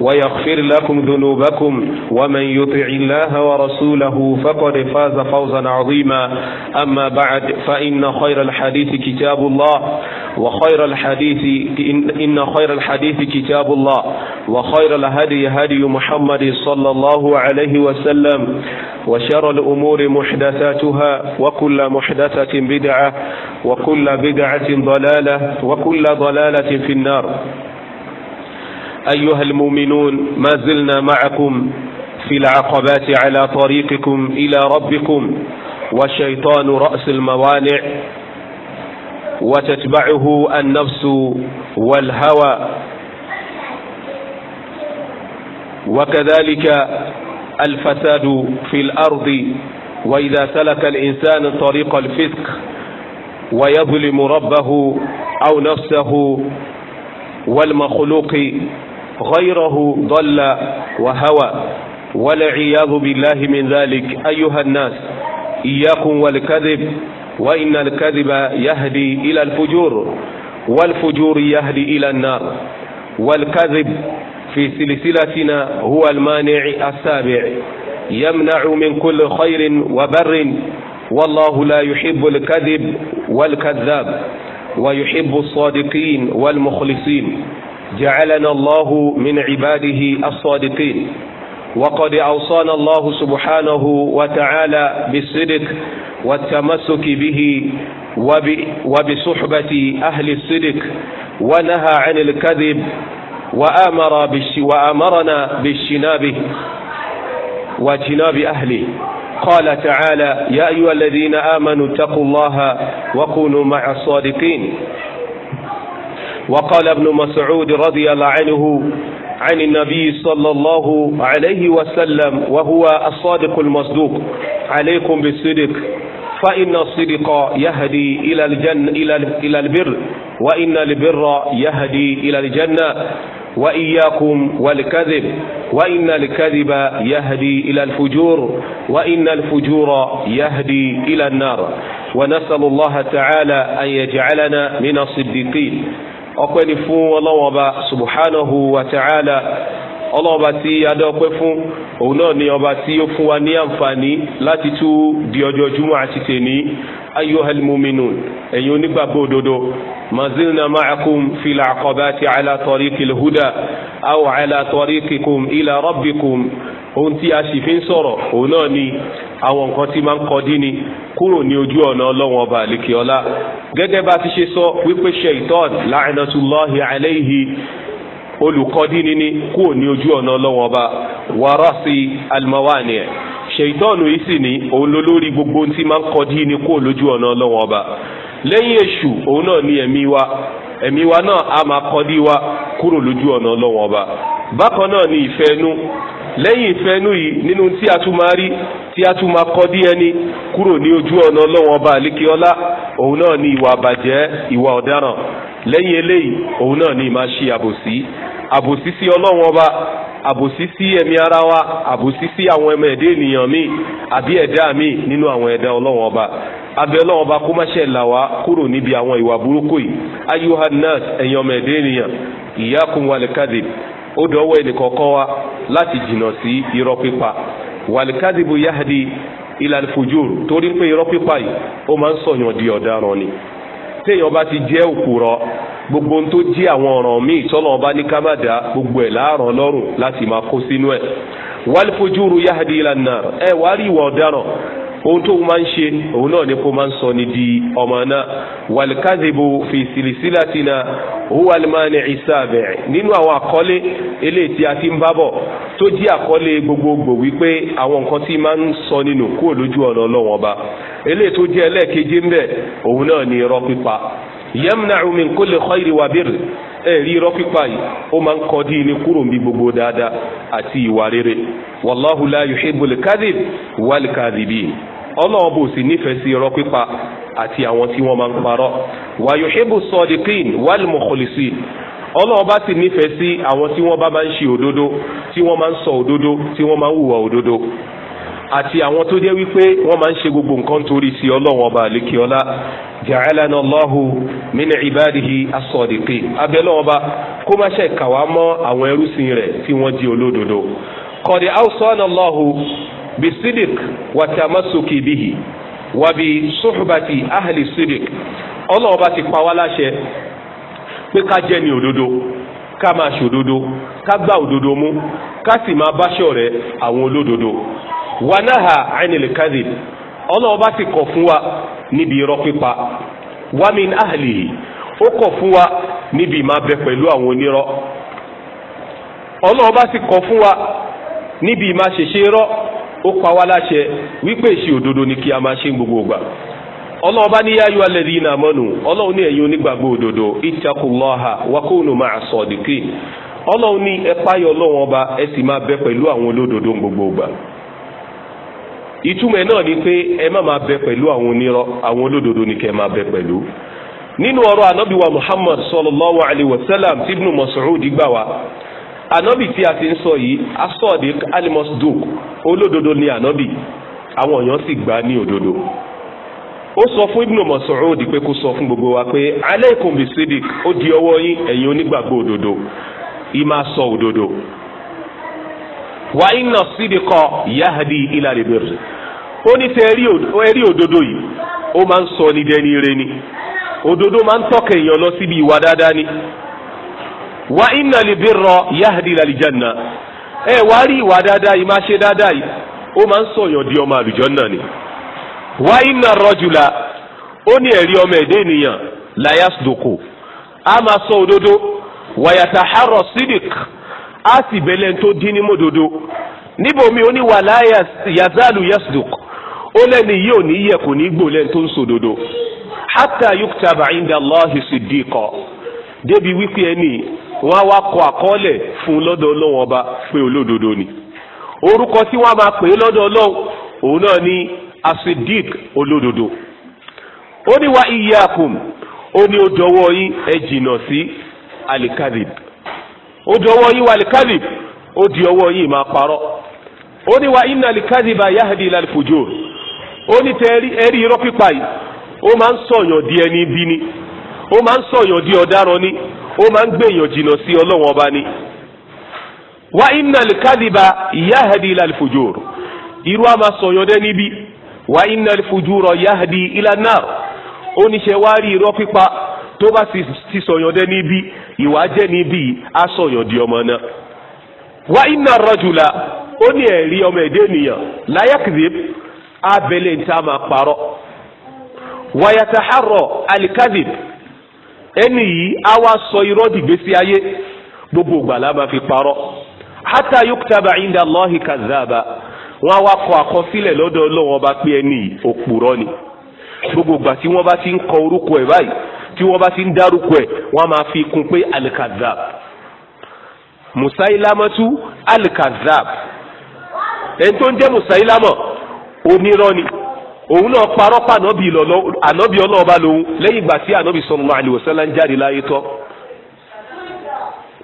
ويغفر لكم ذنوبكم ومن يطع الله ورسوله فقد فاز فوزا عظيما أما بعد فإن خير الحديث كتاب الله وخير الحديث إن خير الحديث كتاب الله وخير الهدي هدي محمد صلى الله عليه وسلم وشر الأمور محدثاتها وكل محدثة بدعة وكل بدعة ضلالة وكل ضلالة في النار أيها المؤمنون ما زلنا معكم في العقبات على طريقكم إلى ربكم والشيطان رأس الموانع وتتبعه النفس والهوى وكذلك الفساد في الأرض وإذا سلك الإنسان طريق الفسق ويظلم ربه أو نفسه والمخلوق غيره ضل وهوى والعياذ بالله من ذلك أيها الناس إياكم والكذب وإن الكذب يهدي إلى الفجور والفجور يهدي إلى النار والكذب في سلسلتنا هو المانع السابع يمنع من كل خير وبر والله لا يحب الكذب والكذاب ويحب الصادقين والمخلصين جعلنا الله من عباده الصادقين وقد أوصانا الله سبحانه وتعالى بالصدق والتمسك به وبصحبة أهل الصدق ونهى عن الكذب وأمر بالش وأمرنا باجتنابه واجتناب أهله قال تعالى يا أيها الذين آمنوا اتقوا الله وكونوا مع الصادقين وقال ابن مسعود رضي الله عنه عن النبي صلى الله عليه وسلم وهو الصادق المصدوق عليكم بالصدق فإن الصدق يهدي إلى الجنة إلى إلى البر وإن البر يهدي إلى الجنة وإياكم والكذب وإن الكذب يهدي إلى الفجور وإن الفجور يهدي إلى النار ونسأل الله تعالى أن يجعلنا من الصديقين ọpẹ́ ni fún ọlọ́wọ́n subhanahu wa ta'ala ọlọ́ọ̀ba tí adá ọpẹ́ fún òun náà ni ọba tí ó fún wa ní àǹfààní láti tú di ọjọ́ júmọ́ àti tèní ayyuhal mu'minun ẹ̀yin onígbàgbọ́ òdodo mazilna ma'akum fil aqabati ala tariqil huda aw ala tariqikum ila rabbikum ohun tí a sì fi ń sọ̀rọ̀ òun náà ni àwọn nǹkan tí máa ń kọdí ni kúrò ní ojú ọ̀nà ọlọ́run ọba àlekèọlá gẹ́gẹ́ bá ti ṣe sọ wípé shaitan la'natullahi alayhi olùkọ́dínní ní kúrò ní ojú ọ̀nà ọlọ́wọ́n ọba wàrásì alimawani ẹ̀ ṣèyítọ́ọ̀nù yìí sì ní òun lólórí gbogbo tí máa ń kọ́dínní kúrò lójú ọ̀nà ọlọ́wọ́n ọba lẹ́yìn èṣù òun náà ní ẹ̀mí wa ẹ̀mí wa náà a máa kọ́dí wa kúrò lójú ọ̀nà ọlọ́wọ́n ọba bákan náà ní ìfẹ́ inú lẹ́yìn ìfẹ́ inú yìí nínú tí a tún máa rí tí a tún máa kọ́dí ẹni kúrò ní ojú ọ̀nà ọlọ́wọ́n ọba àlékíọ́lá òun náà ní ìwà àbàjẹ́ ìwà ọ̀daràn lẹ́yìn eléyìí òun náà ni máa ṣe àbòsí àbòsí sí ọlọ́run ọba àbòsí sí ẹ̀mí ara wa àbòsí sí àwọn ẹmọ ẹ̀dá ènìyàn mi àbí ẹ̀dá mi nínú àwọn ẹ̀dá ọlọ́run ọba abẹ́ ọlọ́run ọba kó má ṣe là wá kúrò níbi àwọn ìwà burúkú yìí ayuhannas ẹ̀yin ọmọ ẹ̀dá ènìyàn iyakum walikadib ó dọ̀wọ́ ẹnìkọ̀ọ̀kan wa láti jìnnà sí irọ́ pípa walikadibu yahdi ilal fujur torí pé irọ́ pípa yìí ó máa ń sọ̀yàn di ọ̀daràn ni téèyàn bá ti jẹ́ òkúrọ gbogbo ohun tó jí àwọn ọ̀ràn míì tọ́lọ̀ ọba ní kámádà gbogbo ẹ̀ láàrán lọ́rùn láti máa kó sínú ẹ̀ wal fujuru yahdi ilan nar ẹ wàá rí ìwà ọ̀daràn ohun tó máa ń ṣe òun náà ni kó máa ń sọ ni di ọmọ náà wàlíkàdìbò fi silsilatina huwa al-mani ìsàbẹ̀ nínú àwọn àkọlé eléyìí tí a ti ń bábọ̀ tó jí àkọlé gbogbogbò wípé àwọn nǹkan tí máa ń sọ nínú kúrò lójú ọ̀nà ọlọ́wọ́n ọba eléyìí tó jẹ́ ẹlẹ́ẹ̀kejì ń òun náà ni irọ́ pípa yamna'u min kulli khayri wa birr ẹ̀rí irọ́ pípa yìí ó máa ń kọ́ dín ní kúrò ní gbogbo dáadáa àti ìwà rere wallahu la yuhibbul kadhib wal kadhibin ọlọ́run bò sí nífẹ̀ẹ́ sí irọ́ pípa àti àwọn tí wọ́n máa ń parọ́ wa yuhibbu sadiqin wal mukhlisin ọlọ́run bá sì nífẹ̀ẹ́ sí àwọn tí wọ́n bá máa ń ṣe òdodo tí wọ́n máa ń sọ òdodo tí wọ́n máa ń hùwà òdodo àti àwọn tó jẹ́ wípé wọ́n máa ń ṣe gbogbo nǹkan torí sí ọlọ́run ọba àlékè ọlá ja'alana Allahu min ibadihi as kó má ṣe kà mọ́ àwọn ẹrúsìn rẹ̀ tí wọ́n di olódodo qad awsana Allahu bisidik wàtàmásókè bihi wàbí sóhùbàtì ahli sidik ọlọ́ọ̀bá ti pa wá láṣẹ pé ká jẹ́ ni òdodo ká máa ṣòdodo ká gbá òdodo mú ká sì máa báṣọ rẹ àwọn olódodo wanaha anil kadhib ọlọ́ọ̀bá ti kọ̀ fún wa níbi irọ́ pípa wamin ahli ó kọ̀ fún wa níbi máa bẹ pẹ̀lú àwọn ó pa wá láṣẹ wípé ìṣe òdodo ni kí a máa ṣe gbogbo ìgbà ọlọ́run bá ní yá yọ alẹ́ yìí náà mọ́nu ọlọ́run ní ẹ̀yin onígbàgbọ́ òdodo ìtakùlọ́ha wakóònù máa sọ ọ̀dìkì ọlọ́run ní ẹ̀páyọ̀ ọlọ́run ọba ẹ sì máa bẹ pẹ̀lú àwọn olódodo gbogbo ìtumọ̀ náà ni pé ẹ Muhammad sallallahu alayhi wa sallam tibnu ànábì tí a ti ń sọ yìí asọ́ọ̀dì alimusduk olódodo ni ànábì àwọn èèyàn sì gbà ní òdodo ó sọ fún ibnu Mas'ud pé kó sọ fún gbogbo wa pé aleikum bisidik ó di ọwọ́ yín ẹ̀yin onígbàgbọ́ òdodo yìí máa sọ òdodo wa inna sidikọ yahadi ila libiri ó ní sẹ ẹrí òdodo yìí ó máa ń sọ ní dẹni reni òdodo máa ń tọ́ka èèyàn lọ síbi ìwà dáadáa ni. wa inna lè bí rọ yahdi lal janna ẹ wá rí ìwà dáadáa yìí máa ṣe dáadáa yìí ó máa ń sọ̀yàn di ọmọ àlùjànnà ni wa inna rajula ó ní ẹ̀rí ọmọ ẹ̀dẹ́ ènìyàn layasdoko a máa sọ òdodo wàyàtà harọ sidik a sì bẹ̀lẹ̀ tó dín ní mòdodo níbomi ó ní wàlá yazalu yasdok ó lẹ́ni yìí ò ní yẹ kò ní gbò lẹ́ni tó ń sòdodo hatta yuktaba inda Allahi siddiqa débi wípé ẹni wọ́n á wá kọ àkọọ́lẹ̀ fún lọ́dọ̀ ọlọ́run ọba pé olódodo ni orúkọ tí wọ́n á máa pè é lọ́dọ̀ ọlọ́run òun náà ni asidik olódodo ó ní wa iyyakum ó ní ó dọwọ́ yín ẹ jìnnà sí alikadib ó dọwọ́ yín wa alikadib ó di ọwọ́ yín máa parọ́ ó ní wa inna alikadiba yahdi ilal fujur ó ní tẹ́rí ẹ̀rí irọ́ pípa yìí ó máa ń sọ̀yàn di ẹni bí ni ó máa ń sọ̀yàn di ọ̀daràn ni ó máa ń gbèyàn jìnnà sí ọlọ́wọ́n ọba ni. wá innal kadhiba yahdi ilal fujur irú a máa sọ̀yàn dẹ́ níbi wá innal fujura yahdi ilan nar ó ní ṣe wá rí irọ́ pípa tó bá ti sọ̀yàn dẹ́ níbi ìwà jẹ́ níbi á di ọmọ náà. wá innal rajula ó ní ẹ̀rí ọmọ èdè ènìyàn láyàkìdìb abẹ́lẹ̀ ń tá máa parọ́ wàyàtàhárọ̀ alikadìb ẹni yìí á wá sọ irọ́ dìgbésí ayé gbogbo ìgbà la máa fi parọ́ hata yuktaba inda Allahi kazaba wọn á wá kọ àkọsílẹ̀ lọ́dọ̀ Ọlọ́run ọba pé ẹni yìí òpùrọ́ ni gbogbo ìgbà tí wọ́n bá ti ń kọ orúkọ ẹ̀ báyìí tí wọ́n bá ti ń dárúkọ ẹ̀ wọ́n máa fi kún pé alikazab musailamatu alikazab ẹni tó ń jẹ́ musailamọ onírọ́ ni òun náà parọ́ pa ànábì lọ́lọ́ ànábì ọlọ́ọ̀ba lòun lẹ́yìn ìgbà tí ànábì sallallahu alaihi wasallam ń jáde láyé tọ́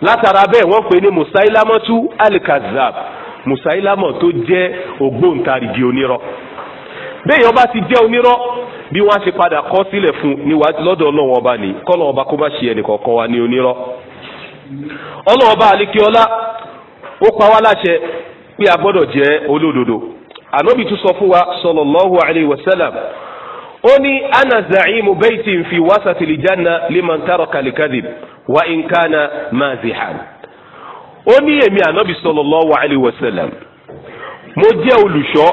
látara bẹ́ẹ̀ wọ́n pè ní musailamatu alikazab musailamọ tó jẹ́ ògbóǹtarìgì onírọ́ bẹ́ẹ̀ ọba ti jẹ́ onírọ́ bí wọ́n á ṣe padà kọ́ sílẹ̀ fún níwájú lọ́dọ̀ ọlọ́wọ́n ọba ní kọ́lọ́ ọba kó má ṣe ẹnìkọ̀ọ̀kan wa ní onírọ́ ọlọ́wọ́n ànábì tún sọ fún wa sallallahu alayhi wa sallam ó ní ana za'imu baytin fi wasati lijanna liman taraka likadhib wa in kana mazihan ó ní èmi ànábì sallallahu alayhi wa sallam mo jẹ́ olùṣọ́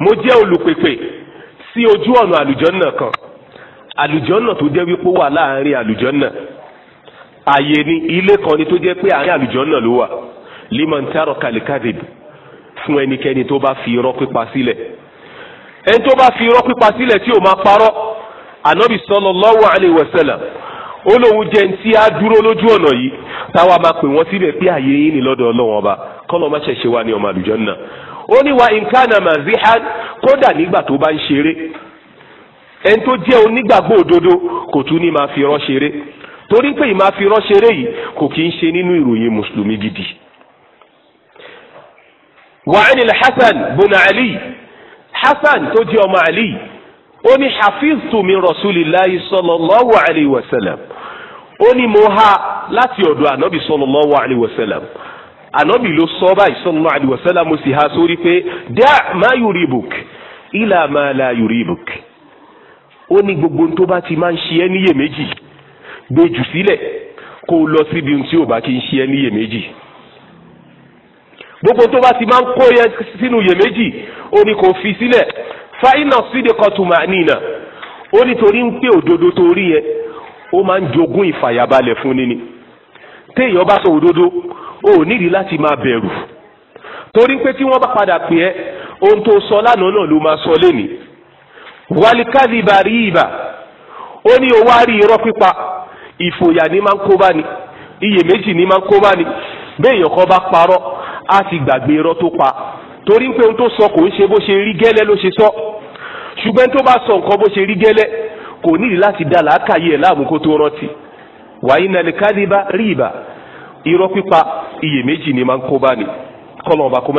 mo jẹ́ olùpèpè sí ojú ọ̀nà àlùjọ́nà kan àlùjọ́nà tó jẹ́ wípé wà láàárín àlùjọ́nà àyè ni ilé kan ni tó jẹ́ pé àárín àlùjọ́nà ló wà liman taraka likadhib fún ẹnikẹ́ni tó bá fi irọ́ pípa sílẹ̀ ẹni tó bá fi irọ́ pípa sílẹ̀ tí ò máa parọ́ ànábì sallallahu alaihi wasallam ó lóun jẹ́ ní tí a dúró lójú ọ̀nà yìí táwa máa pè wọ́n síbẹ̀ pé àyè yín ni lọ́dọ̀ ọlọ́wọ́n ọba kọ́lọ́ má ṣẹ̀ṣẹ̀ wá ní ọmọ àlùjànnà ó ní wa nkánà mazihan kódà nígbà tó bá ń ṣeré ẹni tó jẹ́ onígbàgbọ́ òdodo kò tún ní máa fi irọ́ ṣeré torí pé ìmáa fi gidi wàhánil hasan bùnà ali hasan tó jẹ́ ọmọ ali ó ní hafiztu min rasulillahi sallallahu alayhi wa sallam ó ní mo ha láti ọ̀dọ̀ ànábì sallallahu alayhi wa sallam ànábì ló sọ báyìí sallallahu alayhi wa sallam mo sì ha sórí pé dá má yuribuk ilà má la yuribuk ó ní gbogbo tó bá ti máa ń ṣe ẹ́ níyèméjì gbé jù sílẹ̀ kó lọ síbi tí ò bá ti ń ṣe ẹ́ níyèméjì gbogbo tó bá ti máa ń kó yẹn sínú iyèméjì ó ní kò fi sílẹ̀ fáínà sídẹ̀kọ̀tùmá nìyà ó nítorí ń pé òdodo tó rí yẹn ó máa ń jogún ìfàyàbalẹ̀ fún ni ni téèyàn bá sọ òdodo ó nídìí láti máa bẹ̀rù torí pé tí wọ́n bá padà pè ẹ́ ohun tó sọ lánàá náà ló máa sọ lẹ́nìí wàlíkàlì bàrí ìbà ó ní owó àrí irọ́ pípa ìfòyà ni máa ń kó bá ni iyèméjì ni máa ń kó bá ni béèyàn kan bá parọ́ a ti gbàgbé irọ́ tó pa torí pé ohun tó sọ kò ń ṣe bó ṣe rí gẹ́lẹ́ ló ṣe sọ ṣùgbọ́n tó bá sọ nǹkan bó ṣe rí gẹ́lẹ́ kò nílì láti dá làákàyè ẹ̀ láàmú kó tó rántí wàyí nàlẹ́ kádìbá rí ìbà irọ́ pípa iyèméjì ni máa ń kó bá ní kọ́lọ̀ ọba kó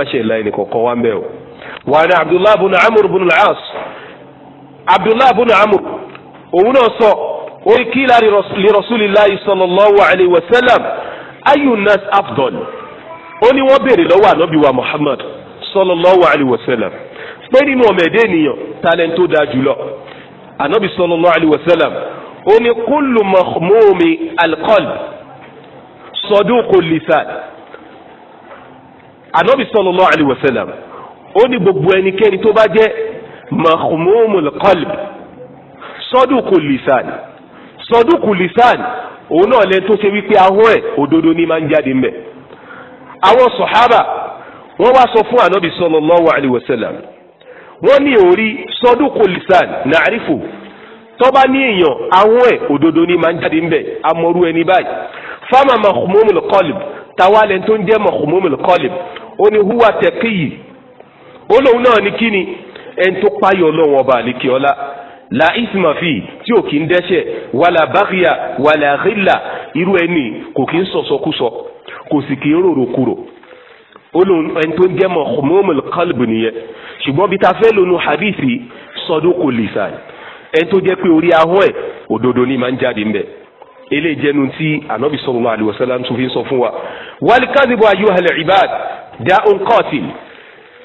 o. ní amur bin al abdullahi amur òun náà sọ orí kí lárí ó ní wọ́n béèrè lọ́wọ́ ànábì wa Muhammad sallallahu alayhi wa sallam pé nínú ọmọ ẹ̀dẹ́ ènìyàn talent tó dáa jùlọ ànábì sallallahu alayhi wa sallam ó ní kullu makhmumi alqalb saduqul lisan ànábì sallallahu alayhi wa sallam ó ní gbogbo ẹnikẹ́ni tó bá jẹ́ makhmumul qalb saduqul lisan saduqul lisan òun náà lẹ́nu tó ṣe wípé ahọ́n ẹ̀ òdodo ní máa ń jáde ńbẹ̀ àwọn sọ̀hábà wọ́n wá sọ fún ànábì sallallahu alayhi wa sallam wọ́n ní orí sọdúnkù lisan nàárífò tọ́ba ní èèyàn àwọn ẹ̀ òdodo ní máa ń jáde ń bẹ̀ amọ̀rú ẹni báyìí fáma mahmumul qalb tawalẹ̀ tó ń jẹ́ mahmumul qalb ó ní huwa tẹ̀kíyì ó lóun náà ní kíni ẹni tó páyọ̀ ọlọ́run ọba àlekèọ́lá la isma fi tí ò kí ń dẹ́ṣẹ̀ wàlà báríyà wàlà rílà irú ẹni kò kí ń sọ̀sọ́kúsọ kò sì kì í rorò kúrò olóhùn ẹni tó jẹ́ mọ̀mọ́mọ́ kálíbù nìyẹn ṣùgbọ́n bí ta fẹ́ lónú hadithi sọdúnkù lisan ẹni tó jẹ́ pé orí ahọ́n ẹ̀ òdodo ni máa ń jáde ńbẹ̀ eléyìí jẹ́nu tí anabi sallallahu alaihi wasallam tún fi sọ fún wa wal kadhibu ayyuhal ibad da'un qatil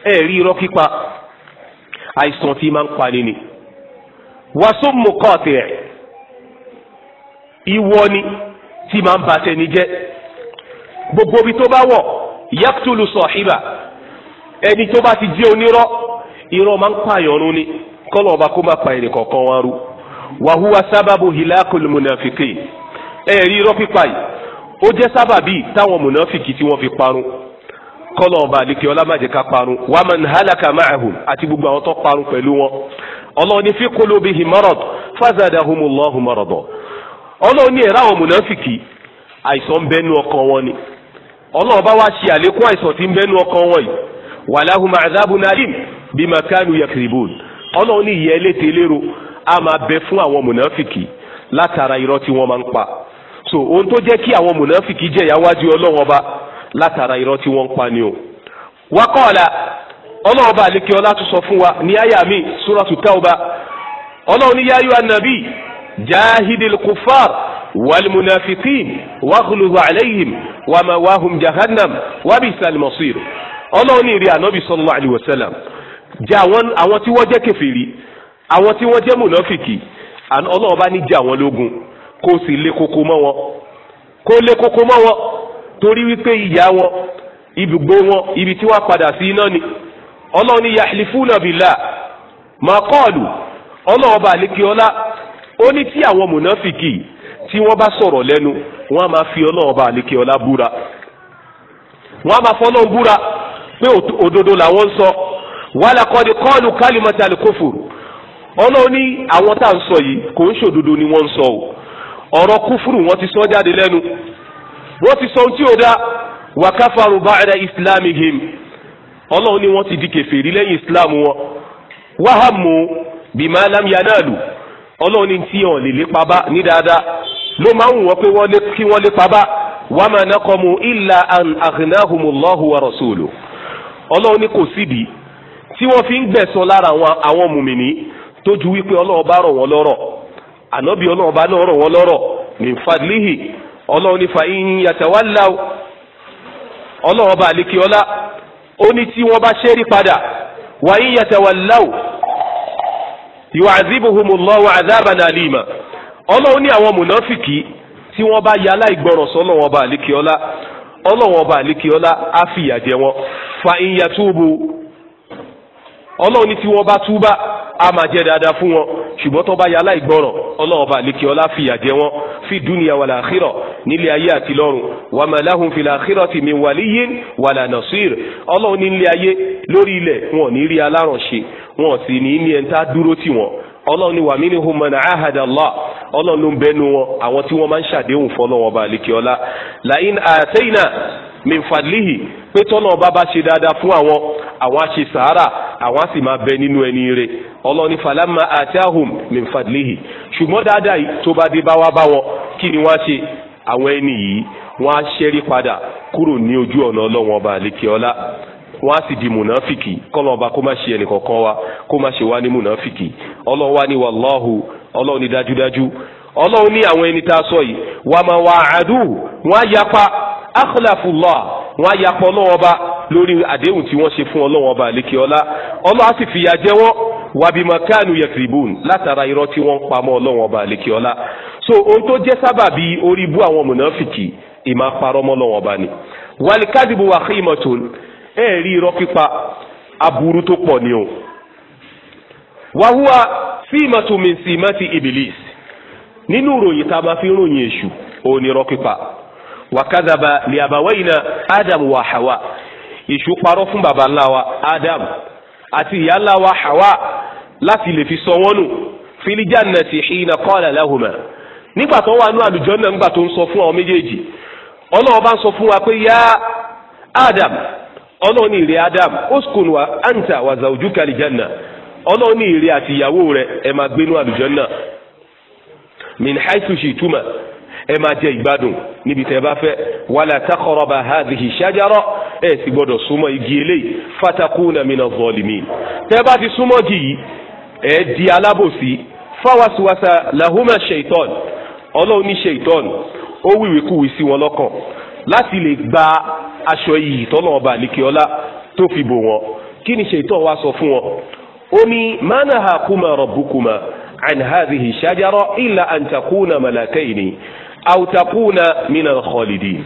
ẹ̀ rí irọ́ pípa àìsàn tí máa ń pani ni wasummu qatil ẹ̀ ìwọ ni tí máa ń ba tẹni jẹ́ gbogbo ibi tó bá wọ̀ yaktulu sọ̀híbà ẹni tó bá ti jẹ́ onírọ́ irọ́ máa ń pààyàn run ni kọ́lọ̀ ọba kó má pa èrè kọ̀ọ̀kan wá rú wàhúwa sábàbù hilakul munafiki ẹ̀rí irọ́ pípa yìí ó jẹ́ sábàbí táwọn munafiki tí wọ́n fi parun kọ́lọ̀ ọba àlekè ọlámàjẹ ká parun wà man halaka ma'ahum àti gbogbo àwọn tó parun pẹ̀lú wọn ọlọ́ọ̀ni fi kulubihi marad fazadahumullahu marada ọlọ́ọ̀ni ẹ̀rá munafiki àìsàn bẹ́nu ọkàn wọn ni ọlọ́run bá wá ṣe àlékún àìsàn tí ń bẹ́nu ọkàn wọn yìí wàláhùn àdábùn alim bí makanu yakribun ọlọ́run ní ìyẹn eléte lérò a máa bẹ fún àwọn mùnàfìkì látara irọ́ tí wọ́n máa ń pa so ohun tó jẹ́ kí àwọn mùnàfìkì jẹ̀yà wájú ọlọ́run ọba látara irọ́ tí wọ́n ń pa ni o. wákọ́ọ̀la ọlọ́run ọba àlékè ọlá tún sọ fún wa ní àyà mi suratu tauba ọlọ́run ní yáyọ wa mawahum jahannam wa bisal masir ọlọ́run ní ìrí ànábì sallallahu alayhi wa sallam jẹ́ àwọn tí wọ́n jẹ́ kẹfìrí àwọn tí wọ́n jẹ́ mùnáfìkì ọlọ́run bá ní jẹ́ àwọn lógun kó sì lé koko mọ́ wọn kó lé koko mọ́ wọn torí wípé ìyá wọn ibùgbé wọn ibi tí wọ́n padà sí iná ni ọlọ́run ní yahlifuna billah ma qalu ọlọ́run bá lékè ọlá ó ní tí àwọn mùnáfìkì tí wọ́n bá sọ̀rọ̀ lẹ́nu wọ́n á máa fi ọlọ́run ọba ọlá búra wọ́n á máa búra pé òdodo làwọn ń sọ wàhálà kọ́ni kọ́ọ̀lù kálímọ̀tì àlùkòfòrò ọlọ́ọ̀ ní àwọn tá à sọ yìí kò ń ṣòdodo ni wọ́n ń o ọ̀rọ̀ kúfúrú wọ́n ti sọ jáde lẹ́nu wọ́n ti sọ ohun tí ò ìsìlámù wọn wàhámù ló máa ń wù wọ́n pé kí wọ́n lè pabá wa ma naqamu illa an aghnahumullahu wa rasuluhu ọlọ́run ní kò sídìí tí wọ́n fi ń gbẹ̀sán lára àwọn mùmìnì tó ju wípé ọlọ́run bá rọ̀ wọ́n lọ́rọ̀ ànábì ọlọ́run bá rọ̀ wọ́n lọ́rọ̀ ní fadlihi ọlọ́run ní fa in yatawallaw ọlọ́run bá àlekíọ́lá ó ní tí wọ́n bá ṣẹ́rí padà wa in yatawallaw yu'adhibuhumullahu 'adhaban alima ọlọ́run ní àwọn mùnáfìkì tí wọ́n bá ya aláìgbọràn sọ́lọ́run ọba àlékiọ́lá ọlọ́run ọba àlékiọ́lá á fìyà jẹ wọn fa ìyà túbú ọlọ́run ní tí wọ́n bá túbà á máa jẹ dáadáa fún wọn ṣùgbọ́n tó bá ya aláìgbọràn ọlọ́run ọba àlékiọ́lá fìyà jẹ wọn fi dúnìyà wàlà àkírọ̀ nílé ayé àti lọ́run wàmà láhùn fìlà àkírọ̀ tì mí wàlíyìn wàlà nàṣír ọlọ́run nílé ayé lórí ilẹ̀ wọn ò ní rí alárànṣe wọn ò sì ní ní ẹni dúró tì wọn ọlọ́run ni wàmí ni humna ahadallah ọlọ́run ló ń bẹ́nu wọn àwọn tí wọ́n máa ń ṣàdéhùn fọlọ́wọ́n ọba àlekèọ́lá làyín àtẹ́yìnà mìfàlìhì pé tọ́nà ọba bá ṣe dáadáa fún àwọn àwọn àṣe sàárà àwọn sì máa bẹ nínú ẹni rẹ ọlọ́ni falama àtẹ́hùn mìfàlìhì ṣùgbọ́n dáadáa tó bá dé bá wá bá wọn kí ni wọ́n á ṣe àwọn ẹni yìí wọ́n á ṣẹ́rí padà kúrò ní ojú ọ̀nà ọlọ́wọ́n ọba àlekèọ́lá wọ́n á sì di mùnàfìkì kọ́lọ́ọ̀ba kó má ṣe ẹnìkọ̀ọ̀kan wa kó má ṣe wá ní mùnàfìkì ọlọ́wà ní wàlláhu ọlọ́run ní dájúdájú ọlọ́run ní àwọn ẹni tá a sọ yìí wà máa wà àdú wọn á yapa akhlafullah wọn á yapa ọlọ́run ọba lórí àdéhùn tí wọ́n ṣe fún ọlọ́run ọba àlékè ọlá ọlọ́run á sì fìyà jẹ wọ́n wàbí makanu yakribun látara irọ́ tí wọ́n ń pamọ́ ọlọ́run ọba àlékè ọlá so ohun tó jẹ́ sábàbí orí bú àwọn mùnàfìkì ìmá parọ́ mọ́ ọlọ́run ọba ni wàlíkádìbò wà kí ìmọ̀ tó ẹ̀ẹ́rí irọ́ pípa aburú tó pọ̀ ni o wàhùwà símàtú min símàtí ibilis nínú ìròyìn tá a máa fi ròyìn èṣù òun ni irọ́ pípa wàkàdàbà li àbáwẹ́yìnà adam wà hàwà èṣù parọ́ fún baba ńlá wa adam àti ìyá ńlá wa hàwà láti lè fi sọ wọ́n nù filijannati hina qala lahuma nígbà tó wà ní àlùjànnà nígbà tó ń sọ fún àwọn méjèèjì ọlọ́wọ́ bá ń sọ fún wa pé yá adam ọlọ́wọ́ ní ìrẹ́ adam uskun wa anta wa zawjuka lijanna ọlọ́run ní ìrẹ́ àti ìyàwó rẹ̀ ẹ máa gbénú àlùjànnà min haitu shituma ẹ máa jẹ ìgbádùn níbi tẹ́ bá fẹ́ wala taqraba hadhihi shajara ẹ sì gbọ́dọ̀ súnmọ́ igi eléyìí fatakuna mina zalimin tẹ́ bá ti súnmọ́ gi yìí ẹ di alábòsí fáwasíwasa làhùmà ṣèitọ́n ọlọ́run ní ṣèitọ́n ó wíwèkúwì sí wọn lọ́kàn láti lè gba aṣọ iyì tọ́lọ́ ọba àlìkè tó fi bò wọn kí ni ṣèitọ́n wá sọ fún wọn omi manaha kuma rabbukuma an hadhihi shajara illa an takuna malakaini aw takuna minal khalidin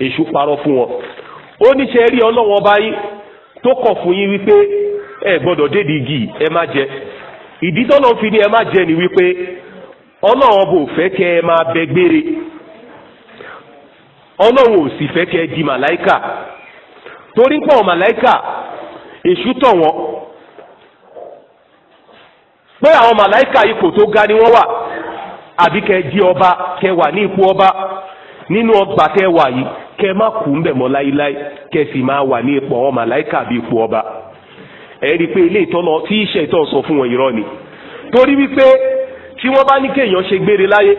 èṣù parọ́ fún wọn o ní ṣe rí ọlọ́wọ́n báyìí tó kọ̀ fún yín wípé ẹ gbọ́dọ̀ dédi igi ẹ má jẹ ìdí tọ́lọ́ fi ni ẹ má jẹ ni wipe ọlọ́wọ́n bo fẹ́ kẹ́ ẹ máa bẹ gbére ọlọ́wọ́n ò sì fẹ́ kẹ́ ẹ di màláìkà torí pọ̀ màláìkà èṣù tọ̀ pé àwọn màláìkà ipò tó ga ni wọ́n wà àbí kẹ́ di ọba kẹ́ wà ní ipò ọba nínú ọgbà tẹ́ wà yìí kẹ́ má kú ń bẹ̀ mọ́ láíláí kẹ́ sì máa wà ní ipò àwọn màláìkà àbí ipò ọba ẹ rí i pé ilé ìtọ́nà tí iṣẹ́ ìtọ́ sọ fún wọn irọ́ ni torí wípé tí wọ́n bá ní kéèyàn ṣe gbére láyé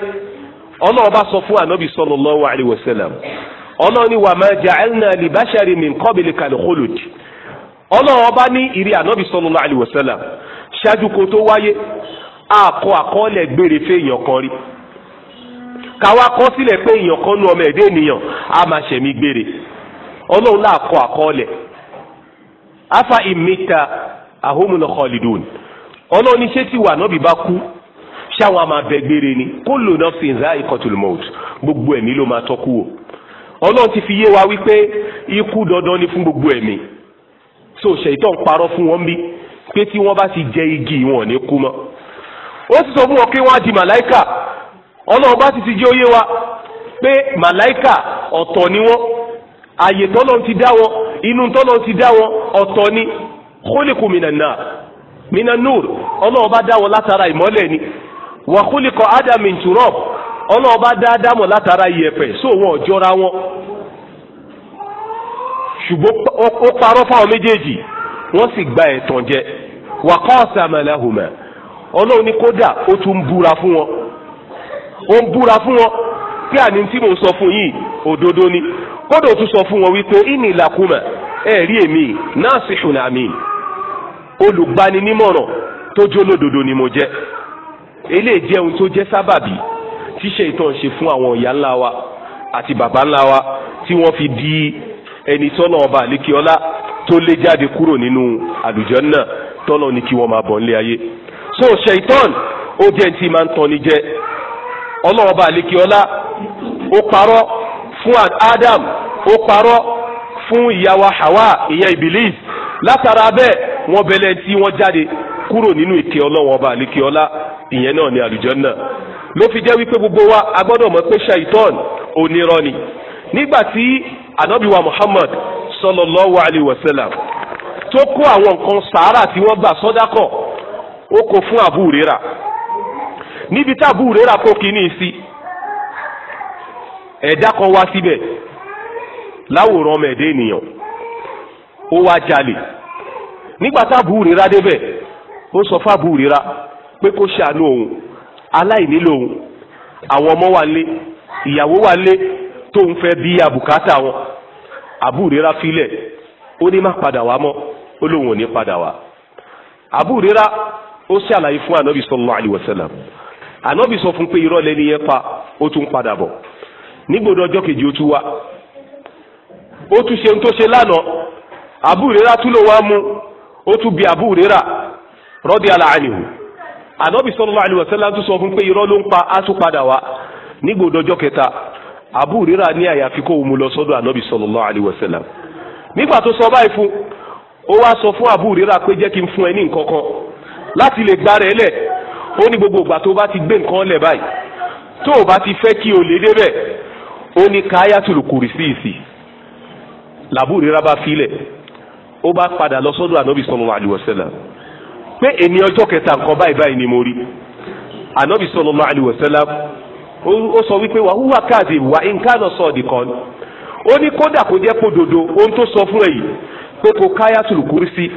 ọlọ́ọ̀bá sọ fún ànábì sallallahu alaihi wasallam ọlọ́ọ̀ ni wa ma ja'alna li bashari min qablikal khulud ọlọ́ọ̀bá ní ìrí ànábì sallallahu alaihi wasallam ṣáájú kó tó wáyé àkọ àkọọ́lẹ̀ gbére fèèyàn kan rí káwa kọ sílẹ̀ pé èèyàn kan nu ọmọ ẹ̀dẹ́ ènìyàn á máa ṣẹ̀mí gbére ọlọ́run náà kọ àkọọ́lẹ̀ afa imita ahomuna khalidun ọlọ́run ní ṣé tí wà náà bí bá kú ṣáwọn a máa bẹ gbére ni kullu nafsin za'iqatul maut gbogbo ẹ̀mí ló máa tọ́kú o ọlọ́run ti fi yé wa wípé ikú dandan ni fún gbogbo ẹ̀mí so ṣèyí tó ń parọ́ fún wọn bí pé tí wọ́n bá ti jẹ igi wọn ò ní kú mọ́ ó sì sọ fún wọn pé wọ́n á di màláìkà ọlọ́run bá sì ti jẹ́ òye wa pé màláìkà ọ̀tọ̀ ni wọ́n àyè tọ́lọ́ ti dá wọn inú tọ́lọ́ ti dá wọn ọ̀tọ̀ ni khuliqu minan nar minan nur ọlọ́run bá dá wọn látara ìmọ́lẹ̀ ni wa khuliqa adam min ọlọ́run bá dá ádámọ̀ látara iyẹ̀pẹ̀ sóò wọn ò wọn ṣùgbọ́n ó parọ́ fáwọn méjèèjì wọ́n sì gba ẹ̀tàn jẹ wa qasama lahuma ọlọ́run ní kódà ó tún búra fún wọn ó ń búra fún wọn pé àní tí mo sọ fún yìí òdodo ni kódà ó tún sọ fún wọn wípé inni lakuma ẹ rí èmi nasihun amin olùgbaninímọ̀ràn tó jó lódodo ni mo jẹ́ eléyìí jẹ́ ohun tó jẹ́ sábàbí tíṣe ìtàn ṣe fún àwọn ìyá ńlá wa àti bàbá ńlá wa tí wọ́n fi di ẹni tọ́nà ọba àlékiọlá tó lé jáde kúrò nínú àlùjànnà tọ́lọ́ ni kí wọ́n máa bọ̀ nílé ayé so ṣèitán ó jẹ́ ti máa ń tọ́ni jẹ ọlọ́run bá àlekè ọlá ó parọ́ fún Adam ó parọ́ fún ìyàwó Hawa ìyẹn Ibilis látara bẹ́ẹ̀ wọ́n bẹ̀lẹ̀ tí wọ́n jáde kúrò nínú ìkẹ́ ọlọ́run ọba àlekè ọlá ìyẹn náà ni àlùjànnà ló fi jẹ́ wípé gbogbo wa a mọ̀ pé ṣèitán onírọ́ ni nígbà tí anabiwa Muhammad sallallahu alayhi wa sallam tó kó àwọn nǹkan sàárà tí wọ́n gbà sọ́dákọ̀ ó kó fún Abu Huraira níbi tá Abu Huraira kó kíní sí ẹ̀dá kan wá síbẹ̀ láwòrán ọmọ ẹ̀dá ènìyàn ó wá jalè nígbà tá Abu Huraira débẹ̀ ó sọ fún Abu Huraira pé kó ṣàánú òun aláìní lòun àwọn ọmọ wa lé ìyàwó wa lé tóun fẹ́ bí abùkátà wọn abu filẹ̀ ó ní má padà wá mọ́ ó lóun ò ní padà wá àbúrírà ó ṣàlàyé fún ànábì sallallahu alaihi ànábì sọ fún pé irọ́ lẹ́ni yẹn pa ó tún padà bọ̀ nígbòdo ọjọ́ kejì ó tún wá ó tún ṣe ohun tó ṣe lánàá àbúrírà tún ló wá mú ó tún ànábì tún sọ fún pé irọ́ ló Abu Rira ní àyàfi kó mu lọ sọ́dọ̀ ànábì sallallahu alaihi wasallam nígbà tó sọ báyìí fún ó wá sọ fún Abu Rira pé jẹ́ kí n fún ẹ ní nǹkan kan láti lè gba rẹ̀ lẹ̀ ó ní gbogbo ìgbà tó bá ti gbé nǹkan lẹ̀ báyìí tó o bá ti fẹ́ kí o lè débẹ̀ ó ní káyàtúlù kùrìsìsì làbú Rira bá filẹ̀ ó bá padà lọ sọ́dọ̀ ànábì sallallahu alaihi wasallam pé ènìyàn ọjọ́ kẹta nǹkan báyìí báyìí ni mo rí ànábì sallallahu alaihi wasallam ó sọ wípé wà húwà káàdì wà nǹkan sọ ọ̀dìkan ó ní kódà kó jẹ́ pé òdodo ohun tó sọ fún ẹ pé kò káyà tùlùkúrí sí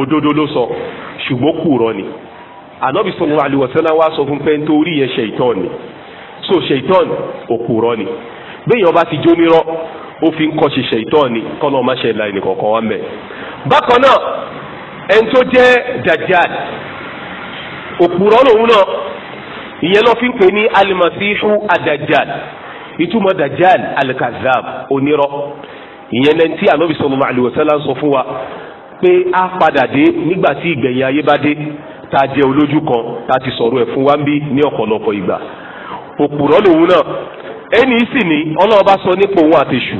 òdodo ló sọ ṣùgbọ́n kùrọ̀ ni ànábì sọ̀rọ̀ àlùwọ̀sánná wa sọ fún pé nítorí yẹn ṣèitán ni so ṣèitán òkùrọ̀ ni béèyàn bá ti jó nírọ́ ó fi ń kọ́ ṣe ṣèitán ni kọ́nà má ṣe láì nìkọ̀ọ̀kan wá mẹ́. bákan náà ẹni tó jẹ́ dajjal òkùrọ̀ lòun náà ìyẹn ló fi ń pè ní alimasihu adajal ìtumọ̀ dajal alikazab onírọ́ ìyẹn lẹ́ni tí anabi sallallahu alaihi wasallam sọ fún wa pé a padà dé nígbà tí ìgbẹ̀yìn ayé bá dé tá a jẹ́ olójú kan tá a ti sọ̀rọ̀ ẹ̀ fún wa ń bí ní ọ̀pọ̀lọpọ̀ ìgbà òpùrọ́ lòun náà ẹni sì ni ọlọ́ọ̀bá sọ nípa òun àtẹ̀sù